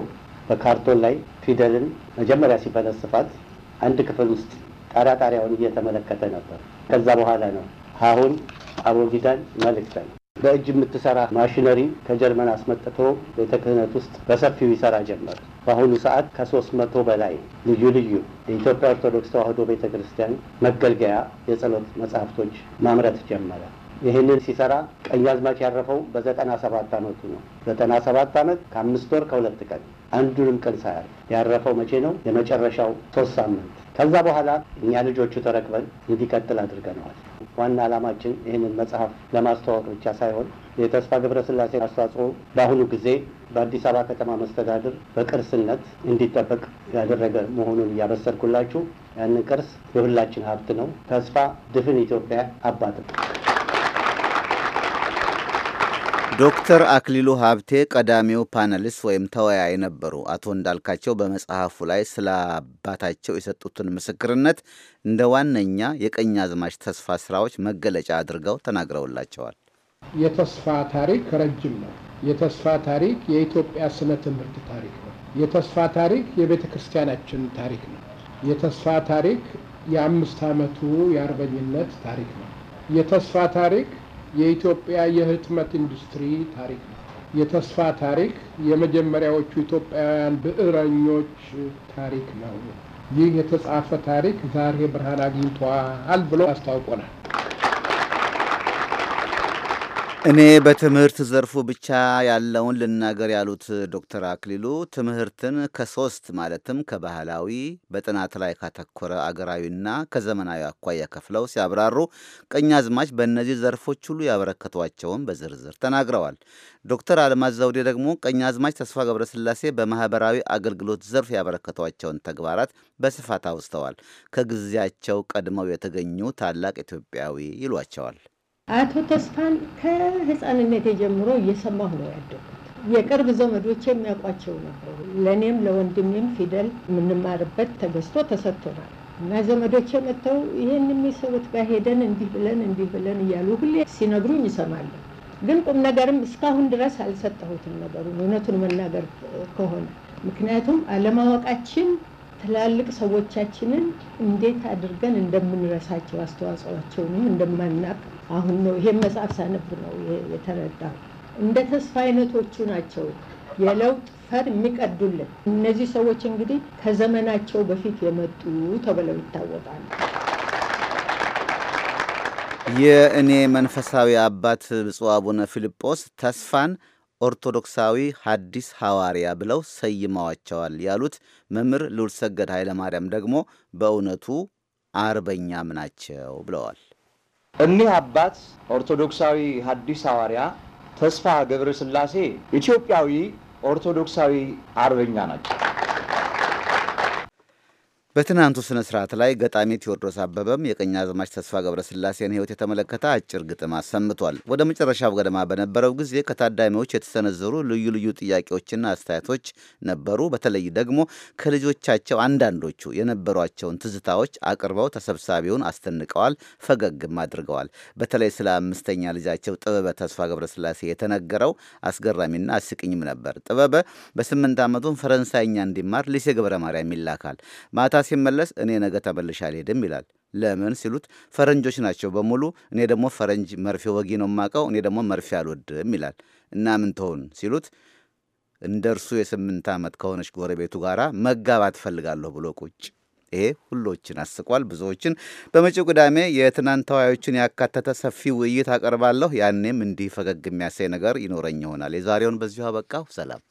በካርቶን ላይ ፊደልን መጀመሪያ ሲፈለስፋት አንድ ክፍል ውስጥ ጣሪያ ጣሪያውን እየተመለከተ ነበር። ከዛ በኋላ ነው አሁን አቦጊዳን መልክተን በእጅ የምትሰራ ማሽነሪ ከጀርመን አስመጥቶ ቤተ ክህነት ውስጥ በሰፊው ይሰራ ጀመር። በአሁኑ ሰዓት ከሶስት መቶ በላይ ልዩ ልዩ የኢትዮጵያ ኦርቶዶክስ ተዋሕዶ ቤተ ክርስቲያን መገልገያ የጸሎት መጽሐፍቶች ማምረት ጀመረ። ይህንን ሲሰራ ቀኝ አዝማች ያረፈው በዘጠና ሰባት ዓመቱ ነው። ዘጠና ሰባት ዓመት ከአምስት ወር ከሁለት ቀን አንዱንም ቀን ሳያል ያረፈው መቼ ነው? የመጨረሻው ሶስት ሳምንት። ከዛ በኋላ እኛ ልጆቹ ተረክበን እንዲቀጥል አድርገነዋል። ዋና ዓላማችን ይህንን መጽሐፍ ለማስተዋወቅ ብቻ ሳይሆን የተስፋ ገብረስላሴ አስተዋጽኦ በአሁኑ ጊዜ በአዲስ አበባ ከተማ መስተዳድር በቅርስነት እንዲጠበቅ ያደረገ መሆኑን እያበሰርኩላችሁ ያንን ቅርስ የሁላችን ሀብት ነው። ተስፋ ድፍን ኢትዮጵያ አባት ነው።
ዶክተር አክሊሉ ሀብቴ ቀዳሚው ፓነሊስት ወይም ተወያይ ነበሩ። አቶ እንዳልካቸው በመጽሐፉ ላይ ስለ አባታቸው የሰጡትን ምስክርነት እንደ ዋነኛ የቀኝ አዝማች ተስፋ ስራዎች መገለጫ አድርገው ተናግረውላቸዋል።
የተስፋ ታሪክ ረጅም ነው። የተስፋ ታሪክ የኢትዮጵያ ስነ ትምህርት ታሪክ ነው። የተስፋ ታሪክ የቤተ ክርስቲያናችን ታሪክ ነው። የተስፋ ታሪክ የአምስት ዓመቱ የአርበኝነት ታሪክ ነው። የተስፋ ታሪክ የኢትዮጵያ የህትመት ኢንዱስትሪ ታሪክ ነው። የተስፋ ታሪክ፣ የመጀመሪያዎቹ ኢትዮጵያውያን ብዕረኞች ታሪክ ነው። ይህ የተጻፈ ታሪክ ዛሬ ብርሃን አግኝቷል ብሎ አስታውቆናል።
እኔ በትምህርት ዘርፉ ብቻ ያለውን ልናገር ያሉት ዶክተር አክሊሉ ትምህርትን ከሶስት ማለትም ከባህላዊ፣ በጥናት ላይ ካተኮረ አገራዊና ከዘመናዊ አኳያ ከፍለው ሲያብራሩ አዝማች በእነዚህ ዘርፎች ሁሉ ያበረከቷቸውን በዝርዝር ተናግረዋል። ዶክተር አልማዝ ዘውዴ ደግሞ አዝማች ተስፋ ገብረስላሴ በማህበራዊ አገልግሎት ዘርፍ ያበረከቷቸውን ተግባራት በስፋት አውስተዋል። ከጊዜያቸው ቀድመው የተገኙ ታላቅ ኢትዮጵያዊ ይሏቸዋል።
አቶ ተስፋን ከህፃንነቴ ጀምሮ እየሰማሁ ነው ያደጉት። የቅርብ ዘመዶች የሚያውቋቸው ነበሩ።
ለእኔም ለወንድሜም ፊደል የምንማርበት ተገዝቶ ተሰጥቶናል እና ዘመዶቼ መጥተው ይህን የሚሰሩት ጋር ሄደን እንዲህ ብለን እንዲህ ብለን እያሉ ሁሌ ሲነግሩኝ ይሰማለሁ። ግን ቁም ነገርም እስካሁን ድረስ አልሰጠሁትም ነበሩ፣ እውነቱን መናገር ከሆነ ምክንያቱም አለማወቃችን ትላልቅ ሰዎቻችንን እንዴት አድርገን እንደምንረሳቸው አስተዋጽኦቸውንም እንደማናቅ አሁን ነው ይሄን መጽሐፍ ሳነብ ነው የተረዳው። እንደ ተስፋ አይነቶቹ ናቸው የለውጥ ፈር የሚቀዱልን እነዚህ ሰዎች እንግዲህ ከዘመናቸው በፊት የመጡ ተብለው ይታወቃሉ።
የእኔ መንፈሳዊ አባት ብፁዕ አቡነ ፊልጶስ ተስፋን ኦርቶዶክሳዊ ሐዲስ ሐዋርያ ብለው ሰይመዋቸዋል ያሉት መምህር ልዑልሰገድ ኃይለማርያም ደግሞ በእውነቱ አርበኛም ናቸው ብለዋል። እኒህ አባት ኦርቶዶክሳዊ ሐዲስ
ሐዋርያ ተስፋ ገብረ ስላሴ ኢትዮጵያዊ ኦርቶዶክሳዊ አርበኛ ናቸው።
በትናንቱ ስነ ስርዓት ላይ ገጣሚ ቴዎድሮስ አበበም አዝማች ተስፋ ገብረስላሴን ህይወት የተመለከተ አጭር ግጥም አሰምቷል። ወደ መጨረሻው ገደማ በነበረው ጊዜ ከታዳሚዎች የተሰነዘሩ ልዩ ልዩ ጥያቄዎችና አስተያየቶች ነበሩ። በተለይ ደግሞ ከልጆቻቸው አንዳንዶቹ የነበሯቸውን ትዝታዎች አቅርበው ተሰብሳቢውን አስደንቀዋል፣ ፈገግም አድርገዋል። በተለይ ስለ አምስተኛ ልጃቸው ጥበበ ተስፋ ገብረስላሴ የተነገረው አስገራሚና አስቂኝም ነበር። ጥበበ በስምንት ዓመቱን ፈረንሳይኛ እንዲማር ሊሴ ገብረ ማርያም ይላካል። ማታ ሲመለስ እኔ ነገ ተመልሼ አልሄድም ይላል። ለምን ሲሉት ፈረንጆች ናቸው በሙሉ፣ እኔ ደግሞ ፈረንጅ መርፌ ወጊ ነው የማውቀው፣ እኔ ደግሞ መርፌ አልወድም ይላል። እና ምን ትሆን ሲሉት እንደ እርሱ የስምንት ዓመት ከሆነች ጎረቤቱ ጋራ መጋባት ፈልጋለሁ ብሎ ቁጭ። ይሄ ሁሎችን አስቋል፣ ብዙዎችን። በመጪው ቅዳሜ የትናንት ተዋዮችን ያካተተ ሰፊ ውይይት አቀርባለሁ። ያኔም እንዲህ ፈገግ የሚያሳይ ነገር ይኖረኝ ይሆናል። የዛሬውን በዚሁ አበቃሁ። ሰላም።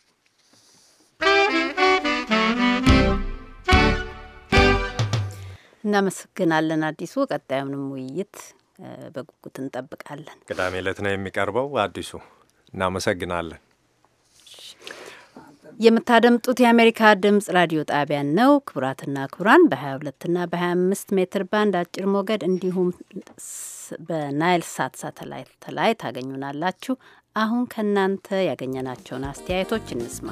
እናመሰግናለን አዲሱ። ቀጣዩንም ውይይት በጉጉት እንጠብቃለን።
ቅዳሜ ዕለት ነው የሚቀርበው። አዲሱ እናመሰግናለን።
የምታደምጡት የአሜሪካ ድምጽ ራዲዮ ጣቢያን ነው። ክቡራትና ክቡራን በ22 እና በ25 ሜትር ባንድ አጭር ሞገድ እንዲሁም በናይል ሳት ሳተላይት ላይ ታገኙናላችሁ። አሁን ከእናንተ ያገኘናቸውን አስተያየቶች እንስማ።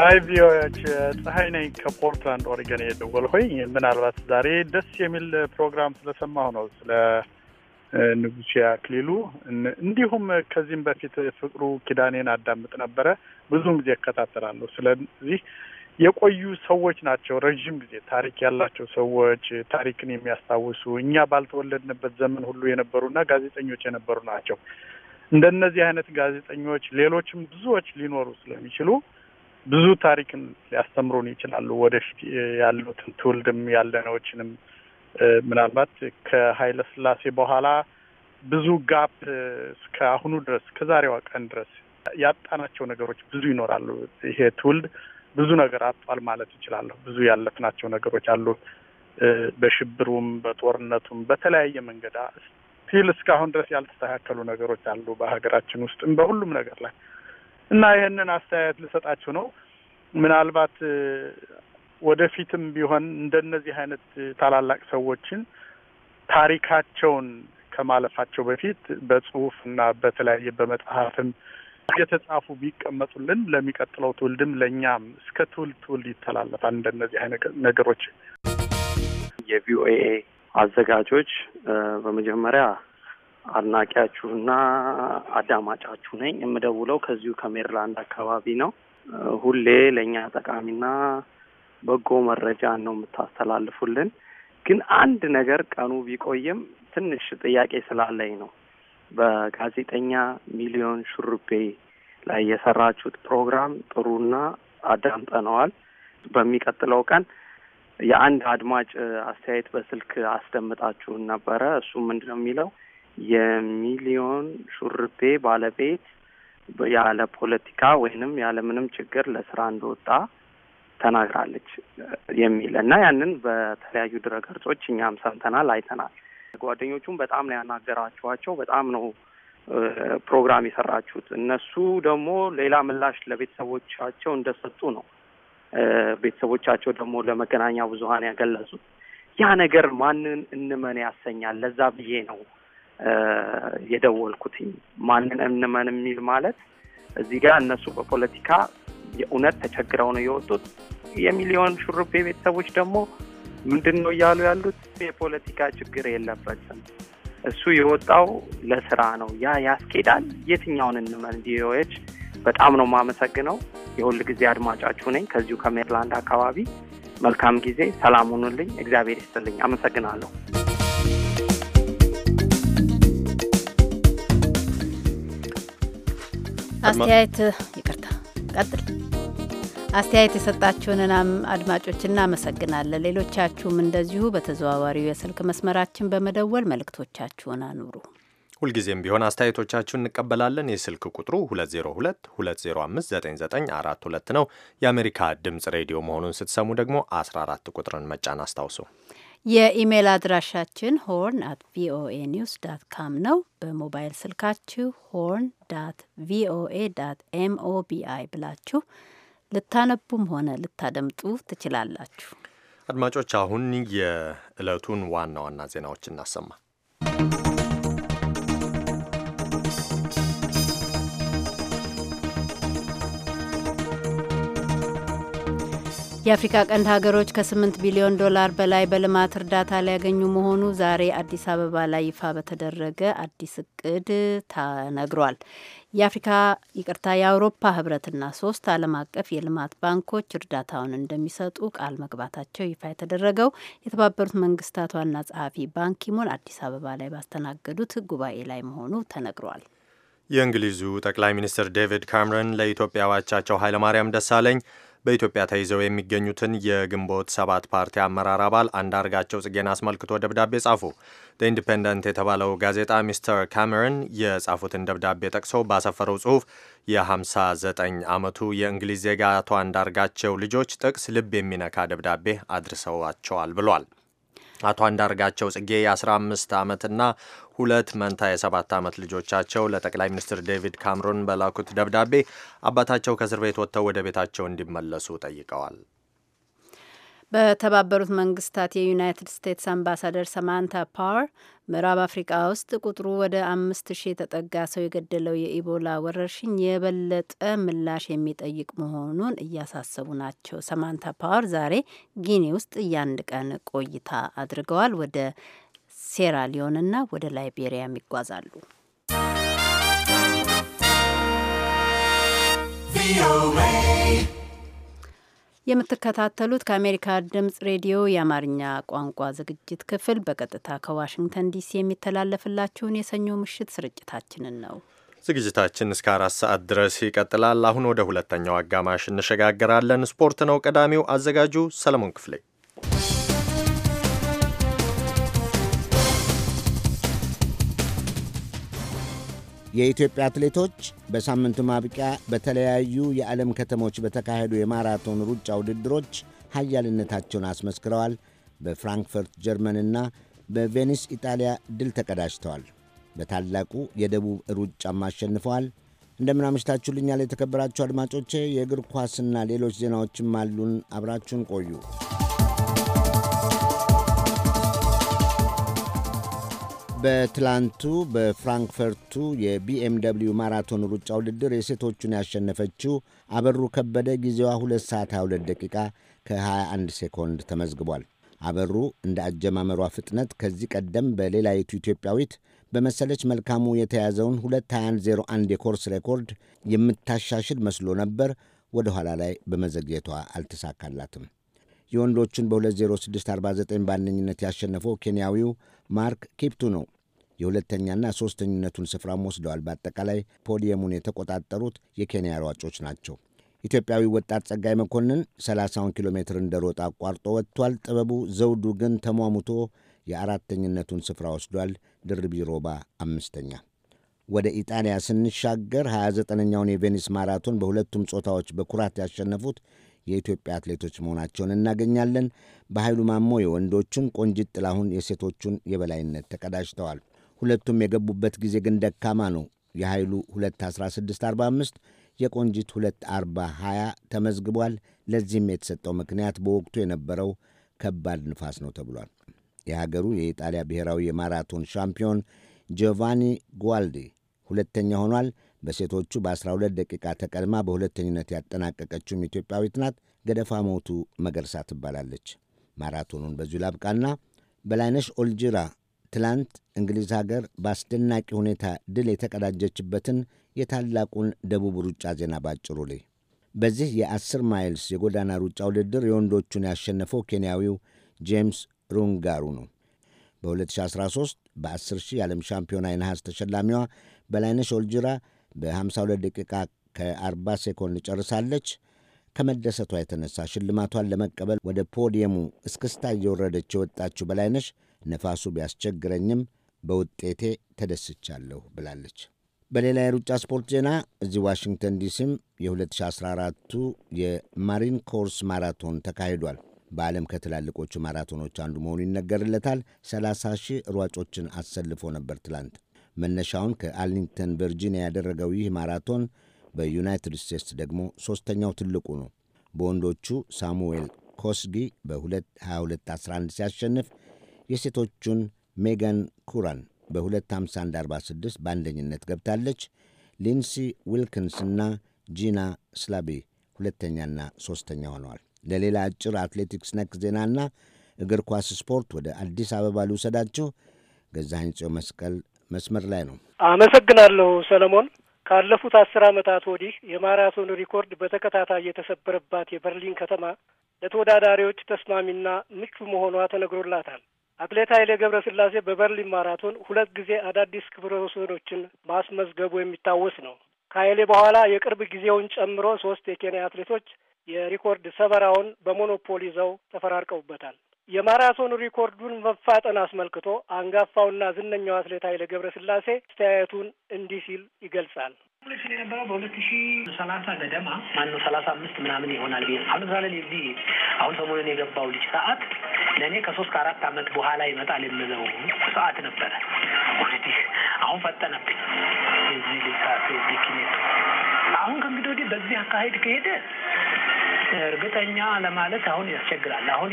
አይ ቪኦኤዎች ፀሐይ ነኝ ከፖርትላንድ ኦሪገን የደወልኩኝ ምናልባት ዛሬ ደስ የሚል ፕሮግራም ስለሰማሁ ነው ስለ ንጉሴ አክሊሉ እንዲሁም ከዚህም በፊት ፍቅሩ ኪዳኔን አዳምጥ ነበረ። ብዙውን ጊዜ እከታተላለሁ። ስለዚህ የቆዩ ሰዎች ናቸው። ረዥም ጊዜ ታሪክ ያላቸው ሰዎች፣ ታሪክን የሚያስታውሱ እኛ ባልተወለድንበት ዘመን ሁሉ የነበሩና ጋዜጠኞች የነበሩ ናቸው። እንደነዚህ አይነት ጋዜጠኞች ሌሎችም ብዙዎች ሊኖሩ ስለሚችሉ ብዙ ታሪክን ሊያስተምሩን ይችላሉ። ወደፊት ያሉትን ትውልድም ያለነዎችንም ምናልባት ከኃይለ ስላሴ በኋላ ብዙ ጋፕ እስከ አሁኑ ድረስ ከዛሬዋ ቀን ድረስ ያጣናቸው ነገሮች ብዙ ይኖራሉ። ይሄ ትውልድ ብዙ ነገር አጧል ማለት ይችላለሁ። ብዙ ያለፍናቸው ነገሮች አሉ። በሽብሩም፣ በጦርነቱም በተለያየ መንገድ
ስቲል
እስካሁን ድረስ ያልተስተካከሉ ነገሮች አሉ በሀገራችን ውስጥም በሁሉም ነገር ላይ እና ይህንን አስተያየት ልሰጣችሁ ነው። ምናልባት ወደፊትም ቢሆን እንደነዚህ አይነት ታላላቅ ሰዎችን ታሪካቸውን ከማለፋቸው በፊት በጽሁፍ እና በተለያየ በመጽሐፍም የተጻፉ ቢቀመጡልን ለሚቀጥለው ትውልድም ለእኛም እስከ ትውልድ ትውልድ ይተላለፋል። እንደነዚህ አይነት ነገሮች የቪኦኤ አዘጋጆች በመጀመሪያ አድናቂያችሁና
አዳማጫችሁ ነኝ። የምደውለው ከዚሁ ከሜሪላንድ አካባቢ ነው። ሁሌ ለእኛ ጠቃሚና በጎ መረጃን ነው የምታስተላልፉልን። ግን አንድ ነገር ቀኑ ቢቆይም ትንሽ ጥያቄ ስላለኝ ነው። በጋዜጠኛ ሚሊዮን ሹርቤ ላይ የሰራችሁት ፕሮግራም ጥሩና አዳምጠነዋል። በሚቀጥለው ቀን የአንድ አድማጭ አስተያየት በስልክ አስደምጣችሁን ነበረ። እሱ ምንድን ነው የሚለው የሚሊዮን ሹርቤ ባለቤት ያለ ፖለቲካ ወይንም ያለምንም ችግር ለስራ እንደወጣ ተናግራለች የሚል እና ያንን በተለያዩ ድረገጾች እኛም ሰምተናል፣ አይተናል። ጓደኞቹም በጣም ነው ያናገራችኋቸው፣ በጣም ነው ፕሮግራም የሰራችሁት። እነሱ ደግሞ ሌላ ምላሽ ለቤተሰቦቻቸው እንደሰጡ ነው ቤተሰቦቻቸው ደግሞ ለመገናኛ ብዙኃን ያገለጹት። ያ ነገር ማንን እንመን ያሰኛል። ለዛ ብዬ ነው የደወልኩትኝ። ማንን እንመን የሚል ማለት እዚህ ጋር እነሱ በፖለቲካ የእውነት ተቸግረው ነው የወጡት። የሚሊዮን ሹሩፔ ቤተሰቦች ደግሞ ምንድን ነው እያሉ ያሉት? የፖለቲካ ችግር የለበትም እሱ የወጣው ለስራ ነው። ያ ያስኬዳል። የትኛውን እንመን? ቪኦኤዎች በጣም ነው የማመሰግነው። የሁል ጊዜ አድማጫችሁ ነኝ ከዚሁ ከሜሪላንድ አካባቢ። መልካም ጊዜ። ሰላም ሁኑልኝ። እግዚአብሔር ይስጥልኝ። አመሰግናለሁ።
አስተያየት ይቅርታ፣ ቀጥል። አስተያየት የሰጣችሁንን አድማጮች እናመሰግናለን። ሌሎቻችሁም እንደዚሁ በተዘዋዋሪው የስልክ መስመራችን በመደወል መልእክቶቻችሁን አኑሩ።
ሁልጊዜም ቢሆን አስተያየቶቻችሁን እንቀበላለን። የስልክ ቁጥሩ 2022059942 ነው። የአሜሪካ ድምፅ ሬዲዮ መሆኑን ስትሰሙ ደግሞ 14 ቁጥርን መጫን አስታውሱ።
የኢሜል አድራሻችን ሆርን አት ቪኦኤ ኒውስ ዳት ካም ነው። በሞባይል ስልካችሁ ሆርን ዳት ቪኦኤ ዳት ኤምኦቢአይ ብላችሁ ልታነቡም ሆነ ልታደምጡ ትችላላችሁ።
አድማጮች፣ አሁን የዕለቱን ዋና ዋና ዜናዎች እናሰማ።
የአፍሪካ ቀንድ ሀገሮች ከ8 ቢሊዮን ዶላር በላይ በልማት እርዳታ ሊያገኙ መሆኑ ዛሬ አዲስ አበባ ላይ ይፋ በተደረገ አዲስ እቅድ ተነግሯል። የአፍሪካ ይቅርታ፣ የአውሮፓ ህብረትና ሶስት ዓለም አቀፍ የልማት ባንኮች እርዳታውን እንደሚሰጡ ቃል መግባታቸው ይፋ የተደረገው የተባበሩት መንግስታት ዋና ጸሐፊ ባንኪሙን አዲስ አበባ ላይ ባስተናገዱት ጉባኤ ላይ መሆኑ ተነግሯል።
የእንግሊዙ ጠቅላይ ሚኒስትር ዴቪድ ካምረን ለኢትዮጵያ አቻቸው ኃይለማርያም ደሳለኝ በኢትዮጵያ ተይዘው የሚገኙትን የግንቦት ሰባት ፓርቲ አመራር አባል አንዳርጋቸው ጽጌን አስመልክቶ ደብዳቤ ጻፉ። ኢንዲፔንደንት የተባለው ጋዜጣ ሚስተር ካሜሮን የጻፉትን ደብዳቤ ጠቅሶ ባሰፈረው ጽሑፍ የ59 ዓመቱ የእንግሊዝ ዜጋ አቶ አንዳርጋቸው ልጆች ጥቅስ ልብ የሚነካ ደብዳቤ አድርሰዋቸዋል ብሏል። አቶ አንዳርጋቸው ጽጌ የ15 ዓመትና ሁለት መንታ የ7 ዓመት ልጆቻቸው ለጠቅላይ ሚኒስትር ዴቪድ ካምሮን በላኩት ደብዳቤ አባታቸው ከእስር ቤት ወጥተው ወደ ቤታቸው እንዲመለሱ ጠይቀዋል።
በተባበሩት መንግስታት የዩናይትድ ስቴትስ አምባሳደር ሰማንታ ፓወር ምዕራብ አፍሪቃ ውስጥ ቁጥሩ ወደ አምስት ሺህ የተጠጋ ሰው የገደለው የኢቦላ ወረርሽኝ የበለጠ ምላሽ የሚጠይቅ መሆኑን እያሳሰቡ ናቸው። ሰማንታ ፓወር ዛሬ ጊኒ ውስጥ እያንድ ቀን ቆይታ አድርገዋል። ወደ ሴራ ሊዮንና ወደ ላይቤሪያም ይጓዛሉ።
ቪኦኤ
የምትከታተሉት ከአሜሪካ ድምጽ ሬዲዮ የአማርኛ ቋንቋ ዝግጅት ክፍል በቀጥታ ከዋሽንግተን ዲሲ የሚተላለፍላችሁን የሰኞ ምሽት ስርጭታችንን
ነው። ዝግጅታችን እስከ አራት ሰዓት ድረስ ይቀጥላል። አሁን ወደ ሁለተኛው አጋማሽ እንሸጋገራለን። ስፖርት ነው ቀዳሚው። አዘጋጁ ሰለሞን ክፍሌ
የኢትዮጵያ አትሌቶች በሳምንቱ ማብቂያ በተለያዩ የዓለም ከተሞች በተካሄዱ የማራቶን ሩጫ ውድድሮች ሀያልነታቸውን አስመስክረዋል። በፍራንክፈርት ጀርመንና በቬኒስ ኢጣሊያ ድል ተቀዳጅተዋል። በታላቁ የደቡብ ሩጫም አሸንፈዋል። እንደምን የተከበራችሁ አድማጮቼ። የእግር ኳስና ሌሎች ዜናዎችም አሉን። አብራችሁን ቆዩ። በትላንቱ በፍራንክፈርቱ የቢኤምደብልዩ ማራቶን ሩጫ ውድድር የሴቶቹን ያሸነፈችው አበሩ ከበደ ጊዜዋ 2 ሰዓት 22 ደቂቃ ከ21 ሴኮንድ ተመዝግቧል። አበሩ እንደ አጀማመሯ ፍጥነት ከዚህ ቀደም በሌላዪቱ ኢትዮጵያዊት በመሰለች መልካሙ የተያዘውን 22101 የኮርስ ሬኮርድ የምታሻሽል መስሎ ነበር። ወደ ኋላ ላይ በመዘግየቷ አልተሳካላትም። የወንዶቹን በ20649 በአንደኝነት ያሸነፈው ኬንያዊው ማርክ ኪፕቱ ነው። የሁለተኛና ሦስተኝነቱን ስፍራም ወስደዋል። በአጠቃላይ ፖዲየሙን የተቆጣጠሩት የኬንያ ሯጮች ናቸው። ኢትዮጵያዊ ወጣት ጸጋይ መኮንን 30 ኪሎ ሜትር ሮጣ አቋርጦ ወጥቷል። ጥበቡ ዘውዱ ግን ተሟሙቶ የአራተኝነቱን ስፍራ ወስዷል። ድርቢ ሮባ አምስተኛ። ወደ ኢጣሊያ ስንሻገር 29ኛውን የቬኒስ ማራቶን በሁለቱም ጾታዎች በኩራት ያሸነፉት የኢትዮጵያ አትሌቶች መሆናቸውን እናገኛለን። በኃይሉ ማሞ የወንዶቹን፣ ቆንጅት ጥላሁን የሴቶቹን የበላይነት ተቀዳጅተዋል። ሁለቱም የገቡበት ጊዜ ግን ደካማ ነው። የኃይሉ 2:16:45 የቆንጂት 2:40:20 ተመዝግቧል። ለዚህም የተሰጠው ምክንያት በወቅቱ የነበረው ከባድ ንፋስ ነው ተብሏል። የሀገሩ የኢጣሊያ ብሔራዊ የማራቶን ሻምፒዮን ጆቫኒ ጓልዲ ሁለተኛ ሆኗል። በሴቶቹ በ12 ደቂቃ ተቀድማ በሁለተኝነት ያጠናቀቀችውም ኢትዮጵያዊት ናት። ገደፋ ሞቱ መገርሳ ትባላለች። ማራቶኑን በዚሁ ላብቃና በላይነሽ ኦልጅራ ትላንት እንግሊዝ ሀገር በአስደናቂ ሁኔታ ድል የተቀዳጀችበትን የታላቁን ደቡብ ሩጫ ዜና ባጭሩ ላይ በዚህ የ10 ማይልስ የጎዳና ሩጫ ውድድር የወንዶቹን ያሸነፈው ኬንያዊው ጄምስ ሩንጋሩ ነው። በ2013 በ10 ሺህ የዓለም ሻምፒዮና የነሐስ ተሸላሚዋ በላይነሽ ኦልጅራ በ52 ደቂቃ ከ40 ሴኮንድ ጨርሳለች። ከመደሰቷ የተነሳ ሽልማቷን ለመቀበል ወደ ፖዲየሙ እስክስታ እየወረደች የወጣችው በላይነሽ ነፋሱ ቢያስቸግረኝም በውጤቴ ተደስቻለሁ ብላለች። በሌላ የሩጫ ስፖርት ዜና እዚህ ዋሽንግተን ዲሲም የ2014ቱ የማሪን ኮርስ ማራቶን ተካሂዷል። በዓለም ከትላልቆቹ ማራቶኖች አንዱ መሆኑ ይነገርለታል። 30 ሺህ ሯጮችን አሰልፎ ነበር ትላንት መነሻውን ከአርሊንግተን ቨርጂኒያ ያደረገው ይህ ማራቶን በዩናይትድ ስቴትስ ደግሞ ሦስተኛው ትልቁ ነው። በወንዶቹ ሳሙኤል ኮስጊ በ22211 ሲያሸንፍ የሴቶቹን ሜጋን ኩራን በ25146 በአንደኝነት ገብታለች። ሊንሲ ዊልኪንስ እና ጂና ስላቢ ሁለተኛና ሦስተኛ ሆነዋል። ለሌላ አጭር አትሌቲክስ ነክ ዜናና እግር ኳስ ስፖርት ወደ አዲስ አበባ ልውሰዳችሁ። ገዛኸኝ ጽዮን መስቀል መስመር ላይ ነው።
አመሰግናለሁ ሰለሞን። ካለፉት አስር ዓመታት ወዲህ የማራቶን ሪኮርድ በተከታታይ የተሰበረባት የበርሊን ከተማ ለተወዳዳሪዎች ተስማሚና ምቹ መሆኗ ተነግሮላታል። አትሌት ኃይሌ ገብረ ስላሴ በበርሊን ማራቶን ሁለት ጊዜ አዳዲስ ክብረ ወሰኖችን ማስመዝገቡ የሚታወስ ነው። ከኃይሌ በኋላ የቅርብ ጊዜውን ጨምሮ ሶስት የኬንያ አትሌቶች የሪኮርድ ሰበራውን በሞኖፖል ይዘው ተፈራርቀውበታል። የማራቶን ሪኮርዱን መፋጠን አስመልክቶ አንጋፋውና ዝነኛው አትሌት ኃይለ ገብረ ስላሴ አስተያየቱን እንዲህ ሲል ይገልጻል። ሁለት የነበረው በሁለት ሺ ሰላሳ ገደማ ማነው ሰላሳ አምስት ምናምን ይሆናል። አሁን ምሳሌ እዚህ አሁን ሰሞኑን የገባው ልጅ ሰዓት ለእኔ ከሶስት ከአራት አመት በኋላ ይመጣል የምለው ሰዓት ነበረ። እንግዲህ አሁን ፈጠነብኝ የዚህ ልጅ ሰዓት የዚህ ኪኔቱ አሁን ከእንግዲህ ወዲህ በዚህ አካሄድ ከሄደ እርግጠኛ ለማለት አሁን ያስቸግራል። አሁን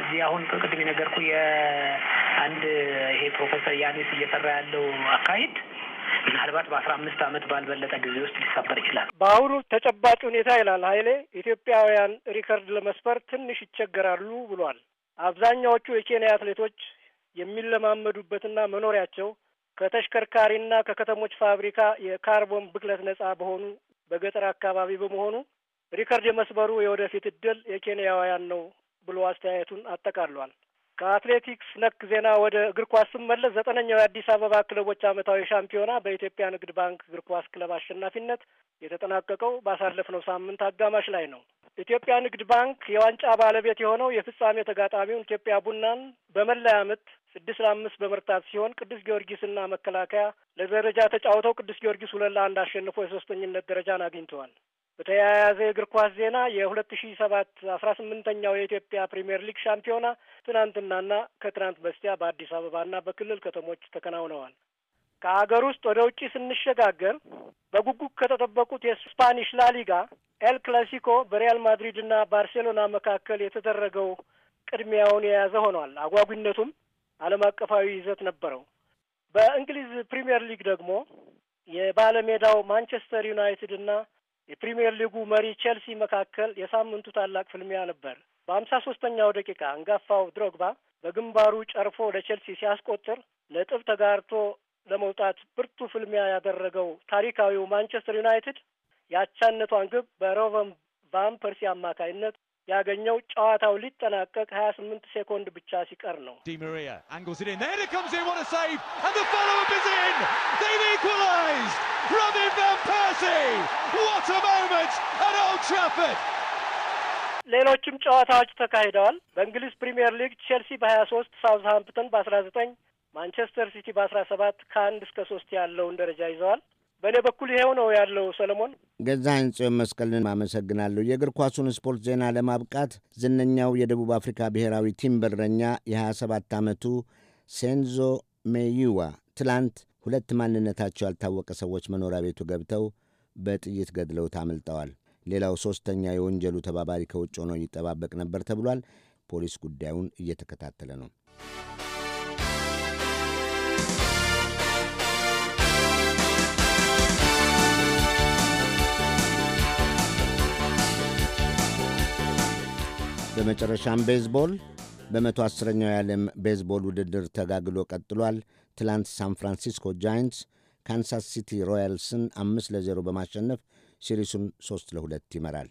እዚህ አሁን ቅድም የነገርኩ የአንድ ይሄ ፕሮፌሰር ያኔስ እየሰራ ያለው አካሄድ ምናልባት በአስራ አምስት ዓመት ባልበለጠ ጊዜ ውስጥ ሊሰበር ይችላል። በአሁኑ ተጨባጭ ሁኔታ ይላል ኃይሌ ኢትዮጵያውያን ሪከርድ ለመስፈር ትንሽ ይቸገራሉ ብሏል። አብዛኛዎቹ የኬንያ አትሌቶች የሚለማመዱበትና መኖሪያቸው ከተሽከርካሪና ከከተሞች ፋብሪካ የካርቦን ብክለት ነጻ በሆኑ በገጠር አካባቢ በመሆኑ ሪከርድ የመስበሩ የወደፊት እድል የኬንያውያን ነው ብሎ አስተያየቱን አጠቃሏል። ከአትሌቲክስ ነክ ዜና ወደ እግር ኳስ ስመለስ ዘጠነኛው የአዲስ አበባ ክለቦች ዓመታዊ ሻምፒዮና በኢትዮጵያ ንግድ ባንክ እግር ኳስ ክለብ አሸናፊነት የተጠናቀቀው ባሳለፍነው ሳምንት አጋማሽ ላይ ነው። ኢትዮጵያ ንግድ ባንክ የዋንጫ ባለቤት የሆነው የፍጻሜ ተጋጣሚውን ኢትዮጵያ ቡናን በመለያ ምት ስድስት ለአምስት በመርታት ሲሆን ቅዱስ ጊዮርጊስና መከላከያ ለደረጃ ተጫውተው ቅዱስ ጊዮርጊስ ሁለት ለአንድ አሸንፎ የሶስተኝነት ደረጃን አግኝተዋል። በተያያዘ የእግር ኳስ ዜና የሁለት ሺ ሰባት አስራ ስምንተኛው የኢትዮጵያ ፕሪምየር ሊግ ሻምፒዮና ትናንትናና ከትናንት በስቲያ በአዲስ አበባና በክልል ከተሞች ተከናውነዋል። ከሀገር ውስጥ ወደ ውጭ ስንሸጋገር በጉጉት ከተጠበቁት የስፓኒሽ ላሊጋ ኤል ክላሲኮ በሪያል ማድሪድና ባርሴሎና መካከል የተደረገው ቅድሚያውን የያዘ ሆኗል። አጓጉነቱም ዓለም አቀፋዊ ይዘት ነበረው። በእንግሊዝ ፕሪምየር ሊግ ደግሞ የባለሜዳው ማንቸስተር ዩናይትድ እና የፕሪምየር ሊጉ መሪ ቼልሲ መካከል የሳምንቱ ታላቅ ፍልሚያ ነበር። በአምሳ ሶስተኛው ደቂቃ አንጋፋው ድሮግባ በግንባሩ ጨርፎ ለቼልሲ ሲያስቆጥር ነጥብ ተጋርቶ ለመውጣት ብርቱ ፍልሚያ ያደረገው ታሪካዊው ማንቸስተር ዩናይትድ የአቻነቷን ግብ በሮቨን ቫን ፐርሲ አማካይነት ያገኘው ጨዋታው ሊጠናቀቅ 28 ሴኮንድ ብቻ ሲቀር ነው። ሌሎችም ጨዋታዎች ተካሂደዋል። በእንግሊዝ ፕሪምየር ሊግ ቼልሲ በ23 ሳውዝሃምፕተን በ19 ማንቸስተር ሲቲ በ17 ከአንድ እስከ ሶስት ያለውን ደረጃ ይዘዋል። በእኔ በኩል ይሄው ነው ያለው። ሰለሞን
ገዛ ጽዮን መስቀልን አመሰግናለሁ። የእግር ኳሱን ስፖርት ዜና ለማብቃት ዝነኛው የደቡብ አፍሪካ ብሔራዊ ቲም በረኛ የ27 ዓመቱ ሴንዞ ሜዩዋ ትላንት ሁለት ማንነታቸው ያልታወቀ ሰዎች መኖሪያ ቤቱ ገብተው በጥይት ገድለው አምልጠዋል። ሌላው ሦስተኛ የወንጀሉ ተባባሪ ከውጭ ሆኖ ይጠባበቅ ነበር ተብሏል። ፖሊስ ጉዳዩን እየተከታተለ ነው። በመጨረሻም ቤዝቦል በመቶ አስረኛው የዓለም ቤዝቦል ውድድር ተጋግሎ ቀጥሏል። ትላንት ሳን ፍራንሲስኮ ጃይንትስ ካንሳስ ሲቲ ሮያልስን አምስት ለዜሮ በማሸነፍ ሲሪሱን ሦስት ለሁለት ይመራል።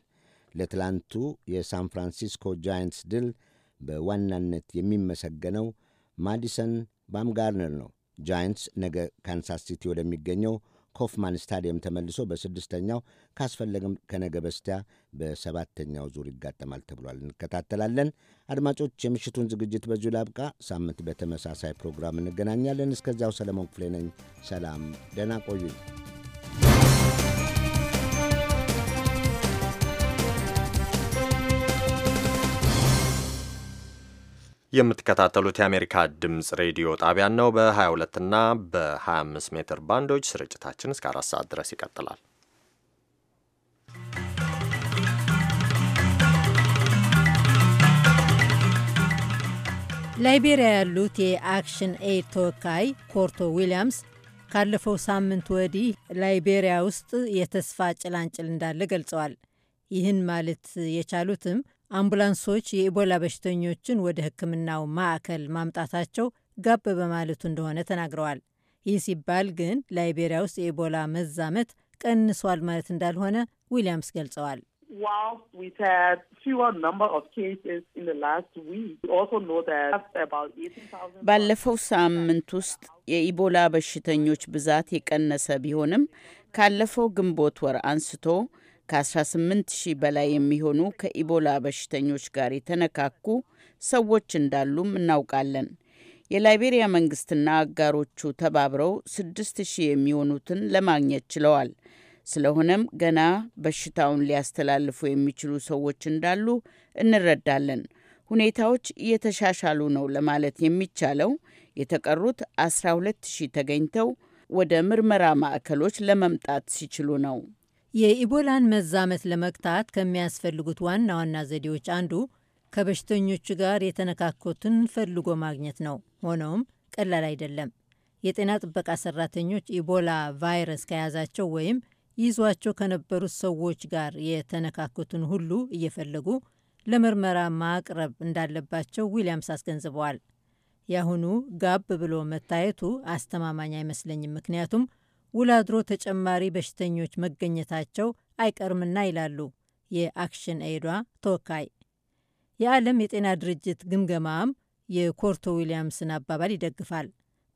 ለትላንቱ የሳን ፍራንሲስኮ ጃይንትስ ድል በዋናነት የሚመሰገነው ማዲሰን ባምጋርነር ነው። ጃይንትስ ነገ ካንሳስ ሲቲ ወደሚገኘው ኮፍማን ስታዲየም ተመልሶ በስድስተኛው ካስፈለገም ከነገ በስቲያ በሰባተኛው ዙር ይጋጠማል ተብሏል። እንከታተላለን። አድማጮች፣ የምሽቱን ዝግጅት በዚሁ ላብቃ። ሳምንት በተመሳሳይ ፕሮግራም እንገናኛለን። እስከዚያው ሰለሞን ክፍሌ ነኝ። ሰላም፣ ደህና ቆዩኝ።
የምትከታተሉት የአሜሪካ ድምፅ ሬዲዮ ጣቢያ ነው። በ22 እና በ25 ሜትር ባንዶች ስርጭታችን እስከ አራት ሰዓት ድረስ ይቀጥላል።
ላይቤሪያ ያሉት የአክሽን ኤድ ተወካይ ኮርቶ ዊሊያምስ ካለፈው ሳምንት ወዲህ ላይቤሪያ ውስጥ የተስፋ ጭላንጭል እንዳለ ገልጸዋል። ይህን ማለት የቻሉትም አምቡላንሶች የኢቦላ በሽተኞችን ወደ ሕክምናው ማዕከል ማምጣታቸው ጋብ በማለቱ እንደሆነ ተናግረዋል። ይህ ሲባል ግን ላይቤሪያ ውስጥ የኢቦላ መዛመት ቀንሷል ማለት እንዳልሆነ ዊሊያምስ ገልጸዋል።
ባለፈው ሳምንት ውስጥ የኢቦላ በሽተኞች ብዛት የቀነሰ ቢሆንም ካለፈው ግንቦት ወር አንስቶ ከ18,000 በላይ የሚሆኑ ከኢቦላ በሽተኞች ጋር የተነካኩ ሰዎች እንዳሉም እናውቃለን። የላይቤሪያ መንግስትና አጋሮቹ ተባብረው 6,000 የሚሆኑትን ለማግኘት ችለዋል። ስለሆነም ገና በሽታውን ሊያስተላልፉ የሚችሉ ሰዎች እንዳሉ እንረዳለን። ሁኔታዎች እየተሻሻሉ ነው ለማለት የሚቻለው የተቀሩት 12,000 ተገኝተው ወደ ምርመራ ማዕከሎች ለመምጣት ሲችሉ ነው።
የኢቦላን መዛመት ለመግታት ከሚያስፈልጉት ዋና ዋና ዘዴዎች አንዱ ከበሽተኞቹ ጋር የተነካኮትን ፈልጎ ማግኘት ነው። ሆኖም ቀላል አይደለም። የጤና ጥበቃ ሰራተኞች ኢቦላ ቫይረስ ከያዛቸው ወይም ይዟቸው ከነበሩት ሰዎች ጋር የተነካኩትን ሁሉ እየፈለጉ ለምርመራ ማቅረብ እንዳለባቸው ዊሊያምስ አስገንዝበዋል። የአሁኑ ጋብ ብሎ መታየቱ አስተማማኝ አይመስለኝም፣ ምክንያቱም ውሎ አድሮ ተጨማሪ በሽተኞች መገኘታቸው አይቀርምና ይላሉ የአክሽን ኤዷ ተወካይ። የዓለም የጤና ድርጅት ግምገማም የኮርቶ ዊሊያምስን አባባል ይደግፋል።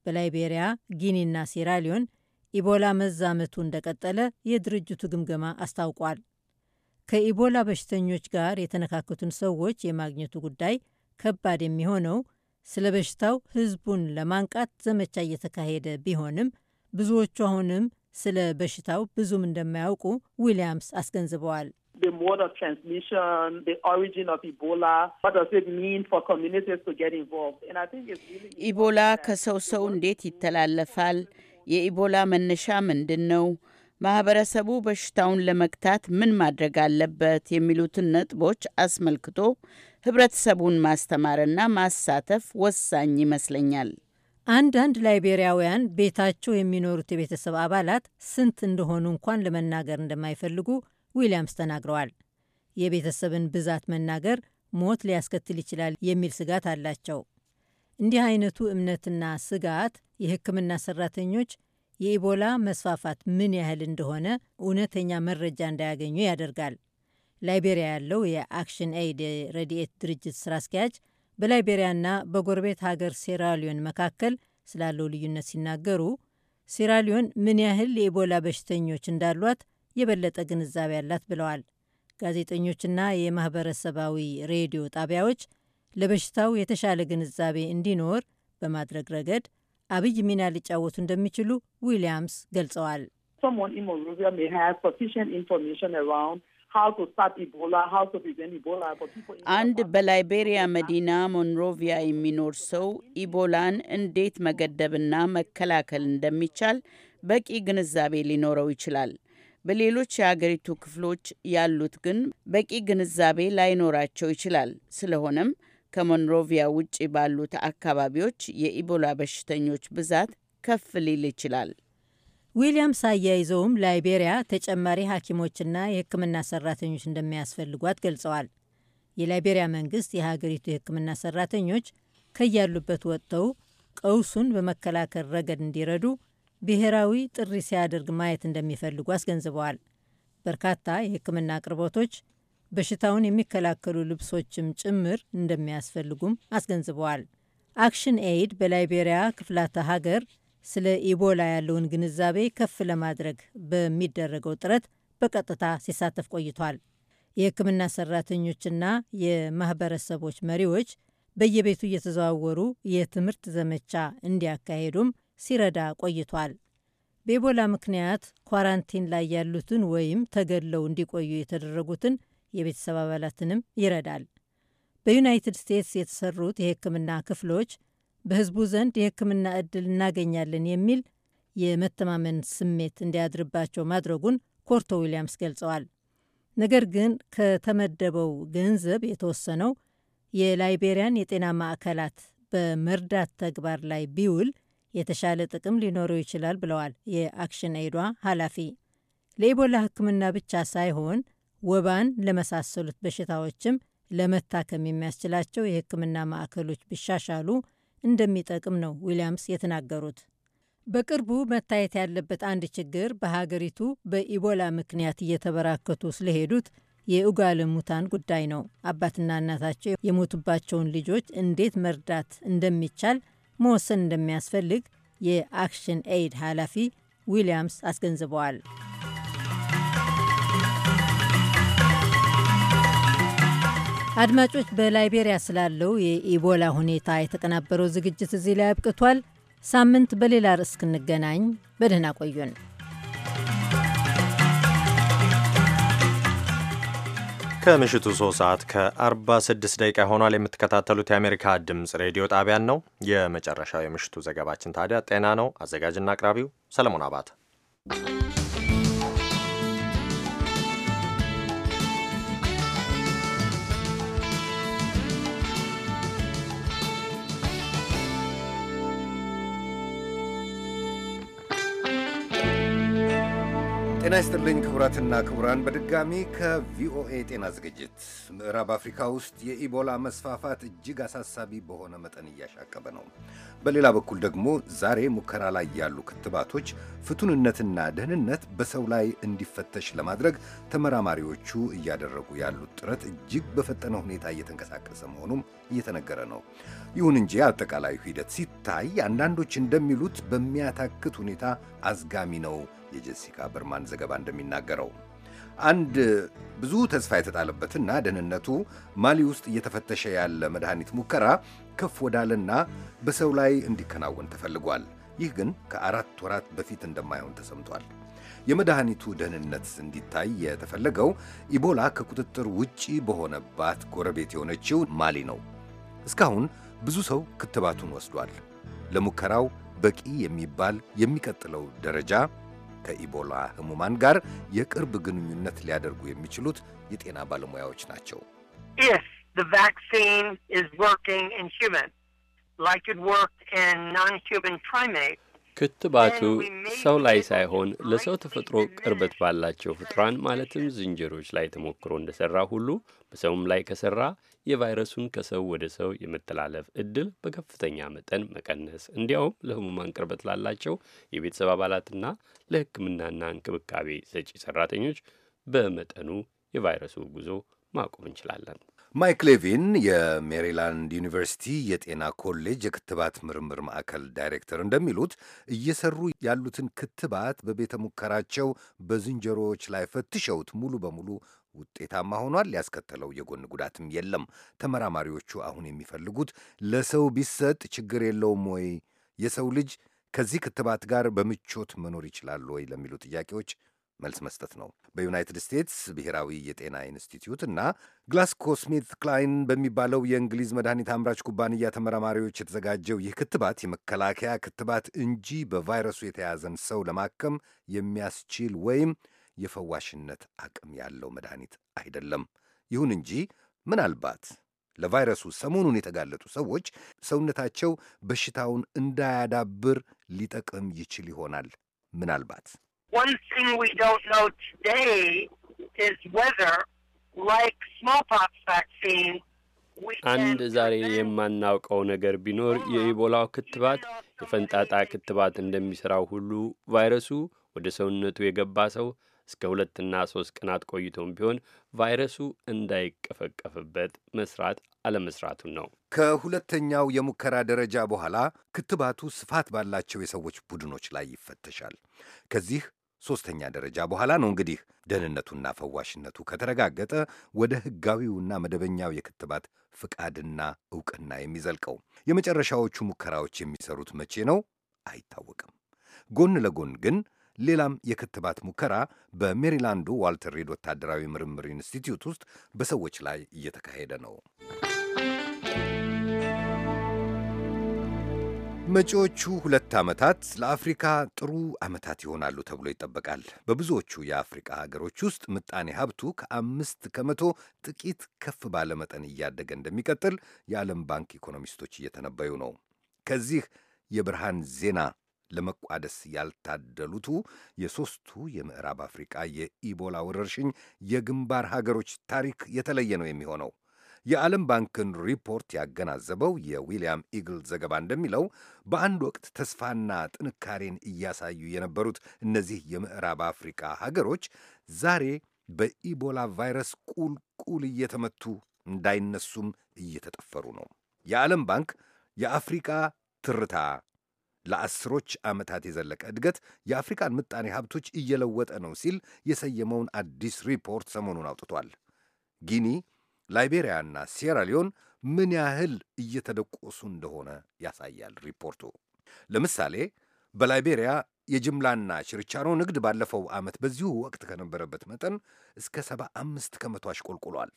በላይቤሪያ ጊኒና ሴራሊዮን ኢቦላ መዛመቱ እንደቀጠለ የድርጅቱ ግምገማ አስታውቋል። ከኢቦላ በሽተኞች ጋር የተነካከቱን ሰዎች የማግኘቱ ጉዳይ ከባድ የሚሆነው ስለ በሽታው ሕዝቡን ለማንቃት ዘመቻ እየተካሄደ ቢሆንም ብዙዎቹ አሁንም ስለ በሽታው ብዙም እንደማያውቁ ዊሊያምስ አስገንዝበዋል።
ኢቦላ ከሰው ሰው እንዴት ይተላለፋል? የኢቦላ መነሻ ምንድን ነው? ማህበረሰቡ በሽታውን ለመግታት ምን ማድረግ አለበት? የሚሉትን ነጥቦች አስመልክቶ ህብረተሰቡን ማስተማርና ማሳተፍ ወሳኝ ይመስለኛል።
አንዳንድ ላይቤሪያውያን ቤታቸው የሚኖሩት የቤተሰብ አባላት ስንት እንደሆኑ እንኳን ለመናገር እንደማይፈልጉ ዊሊያምስ ተናግረዋል። የቤተሰብን ብዛት መናገር ሞት ሊያስከትል ይችላል የሚል ስጋት አላቸው። እንዲህ አይነቱ እምነትና ስጋት የሕክምና ሰራተኞች የኢቦላ መስፋፋት ምን ያህል እንደሆነ እውነተኛ መረጃ እንዳያገኙ ያደርጋል። ላይቤሪያ ያለው የአክሽን ኤይድ ረድኤት ድርጅት ስራ አስኪያጅ በላይቤሪያና በጎረቤት ሀገር ሴራሊዮን መካከል ስላለው ልዩነት ሲናገሩ ሴራሊዮን ምን ያህል የኢቦላ በሽተኞች እንዳሏት የበለጠ ግንዛቤ አላት ብለዋል። ጋዜጠኞችና የማህበረሰባዊ ሬዲዮ ጣቢያዎች ለበሽታው የተሻለ ግንዛቤ እንዲኖር በማድረግ ረገድ አብይ ሚና ሊጫወቱ እንደሚችሉ ዊሊያምስ ገልጸዋል።
አንድ በላይቤሪያ መዲና ሞንሮቪያ የሚኖር ሰው ኢቦላን እንዴት መገደብና መከላከል እንደሚቻል በቂ ግንዛቤ ሊኖረው ይችላል። በሌሎች የአገሪቱ ክፍሎች ያሉት ግን በቂ ግንዛቤ ላይኖራቸው ይችላል። ስለሆነም ከሞንሮቪያ ውጭ ባሉት አካባቢዎች የኢቦላ በሽተኞች ብዛት ከፍ ሊል ይችላል።
ዊሊያምስ አያይዘውም ላይቤሪያ ተጨማሪ ሐኪሞችና የሕክምና ሰራተኞች እንደሚያስፈልጓት ገልጸዋል። የላይቤሪያ መንግስት የሀገሪቱ የሕክምና ሰራተኞች ከያሉበት ወጥተው ቀውሱን በመከላከል ረገድ እንዲረዱ ብሔራዊ ጥሪ ሲያደርግ ማየት እንደሚፈልጉ አስገንዝበዋል። በርካታ የሕክምና አቅርቦቶች፣ በሽታውን የሚከላከሉ ልብሶችም ጭምር እንደሚያስፈልጉም አስገንዝበዋል። አክሽን ኤይድ በላይቤሪያ ክፍላተ ሀገር ስለ ኢቦላ ያለውን ግንዛቤ ከፍ ለማድረግ በሚደረገው ጥረት በቀጥታ ሲሳተፍ ቆይቷል። የሕክምና ሰራተኞችና የማህበረሰቦች መሪዎች በየቤቱ እየተዘዋወሩ የትምህርት ዘመቻ እንዲያካሄዱም ሲረዳ ቆይቷል። በኢቦላ ምክንያት ኳራንቲን ላይ ያሉትን ወይም ተገድለው እንዲቆዩ የተደረጉትን የቤተሰብ አባላትንም ይረዳል። በዩናይትድ ስቴትስ የተሰሩት የሕክምና ክፍሎች በህዝቡ ዘንድ የህክምና እድል እናገኛለን የሚል የመተማመን ስሜት እንዲያድርባቸው ማድረጉን ኮርቶ ዊሊያምስ ገልጸዋል። ነገር ግን ከተመደበው ገንዘብ የተወሰነው የላይቤሪያን የጤና ማዕከላት በመርዳት ተግባር ላይ ቢውል የተሻለ ጥቅም ሊኖረው ይችላል ብለዋል የአክሽን ኤዷ ኃላፊ። ለኢቦላ ህክምና ብቻ ሳይሆን ወባን ለመሳሰሉት በሽታዎችም ለመታከም የሚያስችላቸው የህክምና ማዕከሎች ቢሻሻሉ እንደሚጠቅም ነው ዊሊያምስ የተናገሩት። በቅርቡ መታየት ያለበት አንድ ችግር በሀገሪቱ በኢቦላ ምክንያት እየተበራከቱ ስለሄዱት የኡጋለ ሙታን ጉዳይ ነው። አባትና እናታቸው የሞቱባቸውን ልጆች እንዴት መርዳት እንደሚቻል መወሰን እንደሚያስፈልግ የአክሽን ኤይድ ኃላፊ ዊሊያምስ አስገንዝበዋል። አድማጮች፣ በላይቤሪያ ስላለው የኢቦላ ሁኔታ የተቀናበረው ዝግጅት እዚህ ላይ አብቅቷል። ሳምንት በሌላ ርዕስ እስክንገናኝ በደህና ቆዩን።
ከምሽቱ 3 ሰዓት ከ46 ደቂቃ ሆኗል። የምትከታተሉት የአሜሪካ ድምፅ ሬዲዮ ጣቢያን ነው። የመጨረሻው የምሽቱ ዘገባችን ታዲያ ጤና ነው። አዘጋጅና አቅራቢው ሰለሞን አባተ
ጤና ይስጥልኝ ክቡራትና ክቡራን፣ በድጋሚ ከቪኦኤ ጤና ዝግጅት። ምዕራብ አፍሪካ ውስጥ የኢቦላ መስፋፋት እጅግ አሳሳቢ በሆነ መጠን እያሻቀበ ነው። በሌላ በኩል ደግሞ ዛሬ ሙከራ ላይ ያሉ ክትባቶች ፍቱንነትና ደህንነት በሰው ላይ እንዲፈተሽ ለማድረግ ተመራማሪዎቹ እያደረጉ ያሉት ጥረት እጅግ በፈጠነ ሁኔታ እየተንቀሳቀሰ መሆኑም እየተነገረ ነው። ይሁን እንጂ አጠቃላዩ ሂደት ሲታይ አንዳንዶች እንደሚሉት በሚያታክት ሁኔታ አዝጋሚ ነው የጀሲካ በርማን ዘገባ እንደሚናገረው አንድ ብዙ ተስፋ የተጣለበትና ደህንነቱ ማሊ ውስጥ እየተፈተሸ ያለ መድኃኒት ሙከራ ከፍ ወዳለና በሰው ላይ እንዲከናወን ተፈልጓል። ይህ ግን ከአራት ወራት በፊት እንደማይሆን ተሰምቷል። የመድኃኒቱ ደህንነት እንዲታይ የተፈለገው ኢቦላ ከቁጥጥር ውጪ በሆነባት ጎረቤት የሆነችው ማሊ ነው። እስካሁን ብዙ ሰው ክትባቱን ወስዷል። ለሙከራው በቂ የሚባል የሚቀጥለው ደረጃ ከኢቦላ ህሙማን ጋር የቅርብ ግንኙነት ሊያደርጉ የሚችሉት የጤና ባለሙያዎች ናቸው።
ክትባቱ ሰው ላይ ሳይሆን ለሰው ተፈጥሮ ቅርበት ባላቸው ፍጥሯን ማለትም ዝንጀሮች ላይ ተሞክሮ እንደሰራ ሁሉ በሰውም ላይ ከሰራ የቫይረሱን ከሰው ወደ ሰው የመተላለፍ እድል በከፍተኛ መጠን መቀነስ፣ እንዲያውም ለህሙማን ቅርበት ላላቸው የቤተሰብ አባላትና ለሕክምናና እንክብካቤ ሰጪ ሰራተኞች በመጠኑ የቫይረሱ ጉዞ ማቆም
እንችላለን። ማይክ ሌቪን የሜሪላንድ ዩኒቨርሲቲ የጤና ኮሌጅ የክትባት ምርምር ማዕከል ዳይሬክተር እንደሚሉት እየሰሩ ያሉትን ክትባት በቤተ ሙከራቸው በዝንጀሮዎች ላይ ፈትሸውት ሙሉ በሙሉ ውጤታማ ሆኗል። ያስከተለው የጎን ጉዳትም የለም። ተመራማሪዎቹ አሁን የሚፈልጉት ለሰው ቢሰጥ ችግር የለውም ወይ፣ የሰው ልጅ ከዚህ ክትባት ጋር በምቾት መኖር ይችላል ወይ ለሚሉ ጥያቄዎች መልስ መስጠት ነው። በዩናይትድ ስቴትስ ብሔራዊ የጤና ኢንስቲትዩት እና ግላስኮ ስሚት ክላይን በሚባለው የእንግሊዝ መድኃኒት አምራች ኩባንያ ተመራማሪዎች የተዘጋጀው ይህ ክትባት የመከላከያ ክትባት እንጂ በቫይረሱ የተያዘን ሰው ለማከም የሚያስችል ወይም የፈዋሽነት አቅም ያለው መድኃኒት አይደለም። ይሁን እንጂ ምናልባት ለቫይረሱ ሰሞኑን የተጋለጡ ሰዎች ሰውነታቸው በሽታውን እንዳያዳብር ሊጠቅም ይችል ይሆናል። ምናልባት
አንድ ዛሬ የማናውቀው ነገር ቢኖር የኢቦላው ክትባት የፈንጣጣ ክትባት እንደሚሠራው ሁሉ ቫይረሱ ወደ ሰውነቱ የገባ ሰው እስከ ሁለትና ሶስት ቀናት ቆይቶም ቢሆን ቫይረሱ እንዳይቀፈቀፍበት መስራት አለመስራቱን ነው።
ከሁለተኛው የሙከራ ደረጃ በኋላ ክትባቱ ስፋት ባላቸው የሰዎች ቡድኖች ላይ ይፈተሻል። ከዚህ ሦስተኛ ደረጃ በኋላ ነው እንግዲህ ደህንነቱና ፈዋሽነቱ ከተረጋገጠ ወደ ሕጋዊውና መደበኛው የክትባት ፍቃድና ዕውቅና የሚዘልቀው። የመጨረሻዎቹ ሙከራዎች የሚሰሩት መቼ ነው አይታወቅም። ጎን ለጎን ግን ሌላም የክትባት ሙከራ በሜሪላንዱ ዋልተር ሬድ ወታደራዊ ምርምር ኢንስቲትዩት ውስጥ በሰዎች ላይ እየተካሄደ ነው። መጪዎቹ ሁለት ዓመታት ለአፍሪካ ጥሩ ዓመታት ይሆናሉ ተብሎ ይጠበቃል። በብዙዎቹ የአፍሪካ ሀገሮች ውስጥ ምጣኔ ሀብቱ ከአምስት ከመቶ ጥቂት ከፍ ባለ መጠን እያደገ እንደሚቀጥል የዓለም ባንክ ኢኮኖሚስቶች እየተነበዩ ነው። ከዚህ የብርሃን ዜና ለመቋደስ ያልታደሉቱ የሦስቱ የምዕራብ አፍሪቃ የኢቦላ ወረርሽኝ የግንባር ሀገሮች ታሪክ የተለየ ነው የሚሆነው። የዓለም ባንክን ሪፖርት ያገናዘበው የዊልያም ኢግል ዘገባ እንደሚለው በአንድ ወቅት ተስፋና ጥንካሬን እያሳዩ የነበሩት እነዚህ የምዕራብ አፍሪቃ ሀገሮች ዛሬ በኢቦላ ቫይረስ ቁልቁል እየተመቱ እንዳይነሱም እየተጠፈሩ ነው። የዓለም ባንክ የአፍሪቃ ትርታ ለአስሮች ዓመታት የዘለቀ እድገት የአፍሪካን ምጣኔ ሀብቶች እየለወጠ ነው ሲል የሰየመውን አዲስ ሪፖርት ሰሞኑን አውጥቷል። ጊኒ፣ ላይቤሪያና ሴራሊዮን ምን ያህል እየተደቆሱ እንደሆነ ያሳያል ሪፖርቱ። ለምሳሌ በላይቤሪያ የጅምላና ችርቻሮ ንግድ ባለፈው ዓመት በዚሁ ወቅት ከነበረበት መጠን እስከ 75 ከመቶ አሽቆልቁሏል።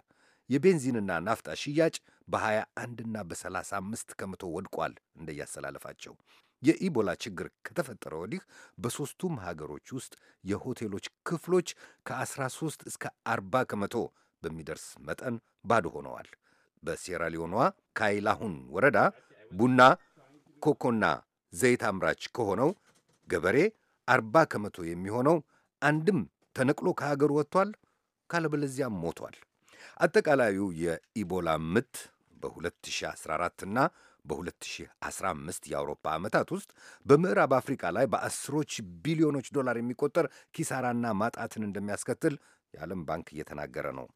የቤንዚንና ናፍጣ ሽያጭ በ21ና በ35 ከመቶ ወድቋል እንደያሰላለፋቸው። የኢቦላ ችግር ከተፈጠረ ወዲህ በሦስቱም ሀገሮች ውስጥ የሆቴሎች ክፍሎች ከ13 እስከ 40 ከመቶ በሚደርስ መጠን ባዶ ሆነዋል። በሴራሊዮኗ ካይላሁን ወረዳ ቡና፣ ኮኮና ዘይት አምራች ከሆነው ገበሬ 40 ከመቶ የሚሆነው አንድም ተነቅሎ ከሀገሩ ወጥቷል፣ ካለበለዚያም ሞቷል። አጠቃላዩ የኢቦላ ምት በ2014 እና በ2015 የአውሮፓ ዓመታት ውስጥ በምዕራብ አፍሪካ ላይ በአስሮች ቢሊዮኖች ዶላር የሚቆጠር ኪሳራና ማጣትን እንደሚያስከትል የዓለም ባንክ እየተናገረ ነው።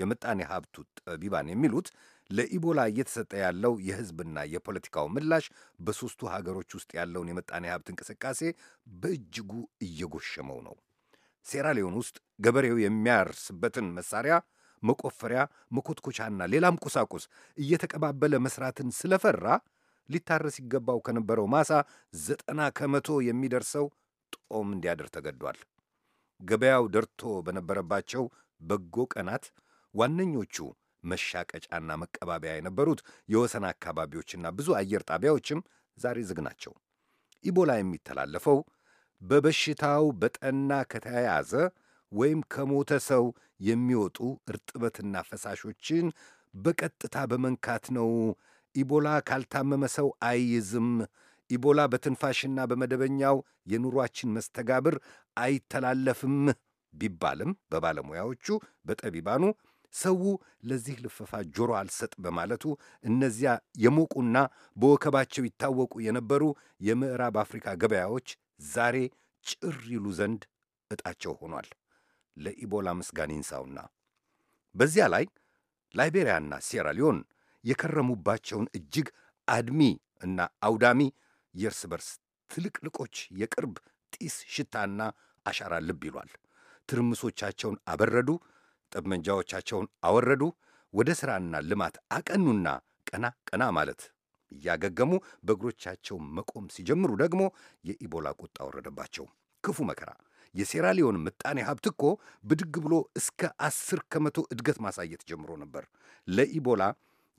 የምጣኔ ሀብቱ ጠቢባን የሚሉት ለኢቦላ እየተሰጠ ያለው የሕዝብና የፖለቲካው ምላሽ በሦስቱ ሀገሮች ውስጥ ያለውን የምጣኔ ሀብት እንቅስቃሴ በእጅጉ እየጎሸመው ነው። ሴራሊዮን ውስጥ ገበሬው የሚያርስበትን መሳሪያ መቆፈሪያ፣ መኮትኮቻና ሌላም ቁሳቁስ እየተቀባበለ መስራትን ስለፈራ ሊታረስ ይገባው ከነበረው ማሳ ዘጠና ከመቶ የሚደርሰው ጦም እንዲያደር ተገዷል። ገበያው ደርቶ በነበረባቸው በጎ ቀናት ዋነኞቹ መሻቀጫና መቀባበያ የነበሩት የወሰን አካባቢዎችና ብዙ አየር ጣቢያዎችም ዛሬ ዝግ ናቸው። ኢቦላ የሚተላለፈው በበሽታው በጠና ከተያያዘ ወይም ከሞተ ሰው የሚወጡ እርጥበትና ፈሳሾችን በቀጥታ በመንካት ነው። ኢቦላ ካልታመመ ሰው አይይዝም። ኢቦላ በትንፋሽና በመደበኛው የኑሯችን መስተጋብር አይተላለፍም ቢባልም በባለሙያዎቹ በጠቢባኑ ሰው ለዚህ ልፈፋ ጆሮ አልሰጥ በማለቱ እነዚያ የሞቁና በወከባቸው ይታወቁ የነበሩ የምዕራብ አፍሪካ ገበያዎች ዛሬ ጭር ይሉ ዘንድ ዕጣቸው ሆኗል። ለኢቦላ ምስጋን ይንሳውና በዚያ ላይ ላይቤሪያና ሴራሊዮን የከረሙባቸውን እጅግ አድሚ እና አውዳሚ የእርስ በርስ ትልቅልቆች የቅርብ ጢስ ሽታና አሻራ ልብ ይሏል። ትርምሶቻቸውን አበረዱ፣ ጠብመንጃዎቻቸውን አወረዱ፣ ወደ ሥራና ልማት አቀኑና ቀና ቀና ማለት እያገገሙ በእግሮቻቸው መቆም ሲጀምሩ ደግሞ የኢቦላ ቁጣ ወረደባቸው። ክፉ መከራ የሴራሊዮን ምጣኔ ሀብት እኮ ብድግ ብሎ እስከ አስር ከመቶ እድገት ማሳየት ጀምሮ ነበር። ለኢቦላ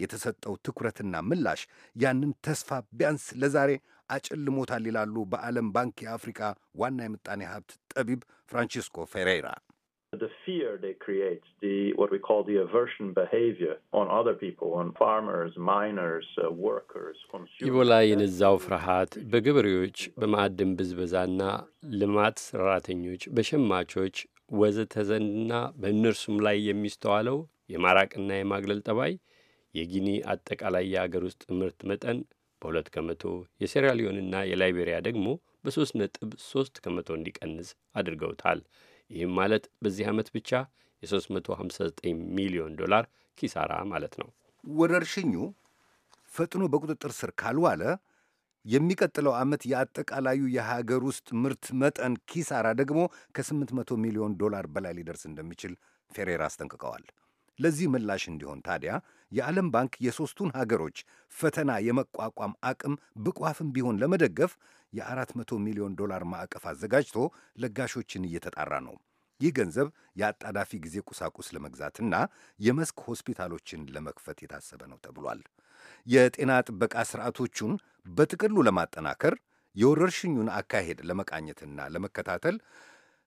የተሰጠው ትኩረትና ምላሽ ያንን ተስፋ ቢያንስ ለዛሬ አጨልሞታል ይላሉ በዓለም ባንክ የአፍሪካ ዋና የምጣኔ ሀብት ጠቢብ ፍራንቺስኮ ፌሬራ። the fear they create, the what we call the aversion behavior uh, ኢቦላ የነዛው
ፍርሃት በገበሬዎች በማዕድን ብዝበዛና ልማት ሰራተኞች፣ በሸማቾች ወዘተ ዘንድና በእነርሱም ላይ የሚስተዋለው የማራቅና የማግለል ጠባይ የጊኒ አጠቃላይ የአገር ውስጥ ምርት መጠን በሁለት ከመቶ የሴራሊዮንና የላይቤሪያ ደግሞ በሶስት ነጥብ ሶስት ከመቶ እንዲቀንስ አድርገውታል። ይህም ማለት በዚህ ዓመት ብቻ የ359 ሚሊዮን ዶላር ኪሳራ ማለት ነው።
ወረርሽኙ ፈጥኖ በቁጥጥር ስር ካልዋለ የሚቀጥለው ዓመት የአጠቃላዩ የሀገር ውስጥ ምርት መጠን ኪሳራ ደግሞ ከ800 ሚሊዮን ዶላር በላይ ሊደርስ እንደሚችል ፌሬራ አስጠንቅቀዋል። ለዚህ ምላሽ እንዲሆን ታዲያ የዓለም ባንክ የሦስቱን ሀገሮች ፈተና የመቋቋም አቅም ብቋፍም ቢሆን ለመደገፍ የ400 ሚሊዮን ዶላር ማዕቀፍ አዘጋጅቶ ለጋሾችን እየተጣራ ነው። ይህ ገንዘብ የአጣዳፊ ጊዜ ቁሳቁስ ለመግዛትና የመስክ ሆስፒታሎችን ለመክፈት የታሰበ ነው ተብሏል። የጤና ጥበቃ ስርዓቶቹን በጥቅሉ ለማጠናከር የወረርሽኙን አካሄድ ለመቃኘትና ለመከታተል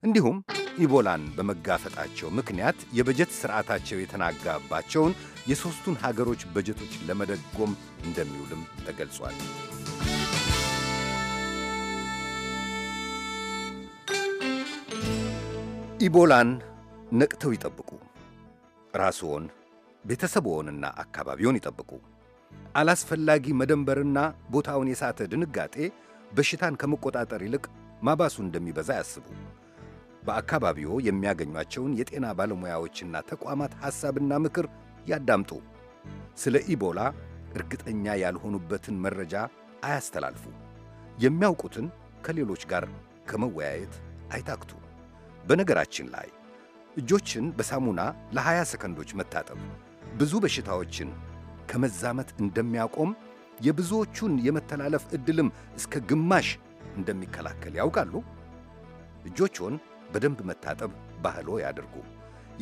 እንዲሁም ኢቦላን በመጋፈጣቸው ምክንያት የበጀት ስርዓታቸው የተናጋባቸውን የሦስቱን ሀገሮች በጀቶች ለመደጎም እንደሚውልም ተገልጿል። ኢቦላን ነቅተው ይጠብቁ። ራስዎን፣ ቤተሰብዎንና አካባቢውን ይጠብቁ። አላስፈላጊ መደንበርና ቦታውን የሳተ ድንጋጤ በሽታን ከመቆጣጠር ይልቅ ማባሱ እንደሚበዛ ያስቡ። በአካባቢዎ የሚያገኟቸውን የጤና ባለሙያዎችና ተቋማት ሐሳብና ምክር ያዳምጡ። ስለ ኢቦላ እርግጠኛ ያልሆኑበትን መረጃ አያስተላልፉ። የሚያውቁትን ከሌሎች ጋር ከመወያየት አይታክቱ። በነገራችን ላይ እጆችን በሳሙና ለ20 ሰከንዶች መታጠብ ብዙ በሽታዎችን ከመዛመት እንደሚያቆም የብዙዎቹን የመተላለፍ ዕድልም እስከ ግማሽ እንደሚከላከል ያውቃሉ? እጆችዎን በደንብ መታጠብ ባህሎ ያድርጉ።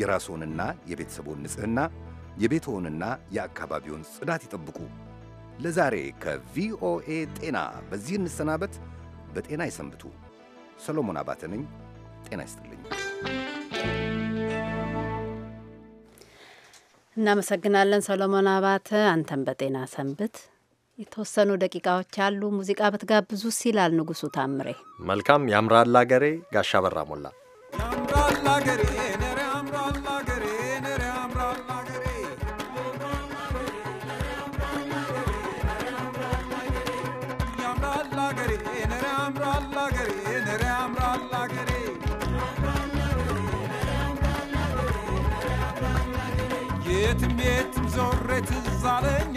የራስዎንና የቤተሰቦን ንጽህና የቤትዎንና የአካባቢውን ጽዳት ይጠብቁ። ለዛሬ ከቪኦኤ ጤና በዚህ እንሰናበት። በጤና ይሰንብቱ። ሰሎሞን አባተ ነኝ። ጤና ይስጥልኝ።
እናመሰግናለን ሰሎሞን አባተ። አንተም በጤና ሰንብት። የተወሰኑ ደቂቃዎች አሉ። ሙዚቃ ብትጋብዙ ሲላል ንጉሱ ታምሬ።
መልካም ያምራል አገሬ ጋሻ በራ ሞላ
የትም
የትም ዞሬ ትዛለኝ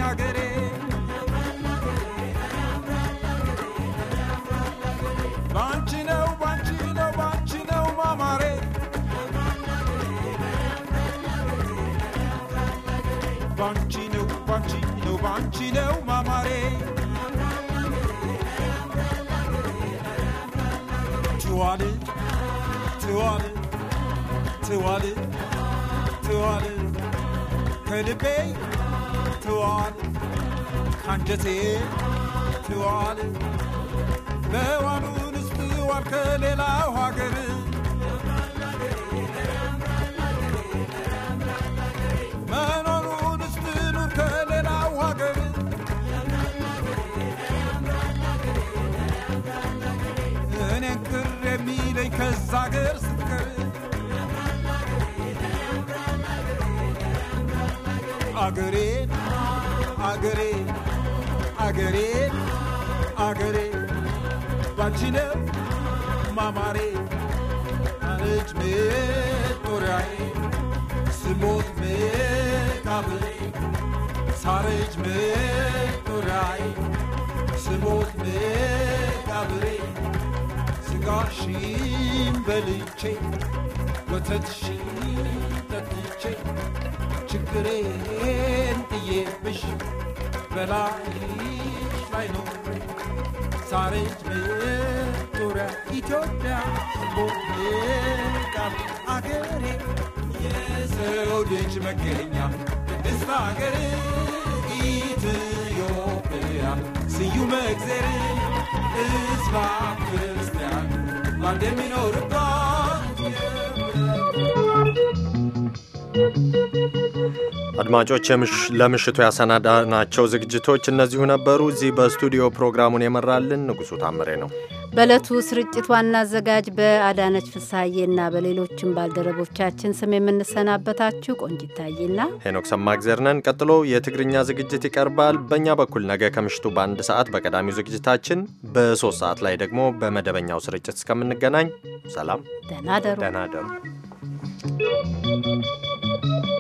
Tuwadi, Tuwadi, Tuwadi, Tuwadi. Could it
be?
Tuwadi, can't you see? Tuwadi. Bewanun is Tuwadi, Kedela Wagari.
ከዛ ገር ስትቀር
አገሬ አገሬ አገሬ አገሬ ባንቺ ነው ማማሬ አንች መጦሪያዬ ስሞት መቃብሬ ሳረጅ መጦሪያዬ ስሞት መቃብሬ gashim veliche
Lotet shita tiche Chikren tiye bish Vela ish vaino pre Sare jme tura ityo tia Bokne kam agere Yese odich me kenya
Isla
agere Si yume exere ist wahr Christian, man dem ihn nur Gott
gibt.
አድማጮች ለምሽቱ ያሰናዳናቸው ዝግጅቶች እነዚሁ ነበሩ። እዚህ በስቱዲዮ ፕሮግራሙን የመራልን ንጉሱ ታምሬ ነው።
በዕለቱ ስርጭት ዋና አዘጋጅ በአዳነች ፍሳዬና በሌሎችም ባልደረቦቻችን ስም የምንሰናበታችሁ ቆንጂት
ሄኖክ ሰማእግዜር ነን። ቀጥሎ የትግርኛ ዝግጅት ይቀርባል። በእኛ በኩል ነገ ከምሽቱ በአንድ ሰዓት በቀዳሚው ዝግጅታችን፣ በሶስት ሰዓት ላይ ደግሞ በመደበኛው ስርጭት እስከምንገናኝ ሰላም፣
ደህና
ደሩ።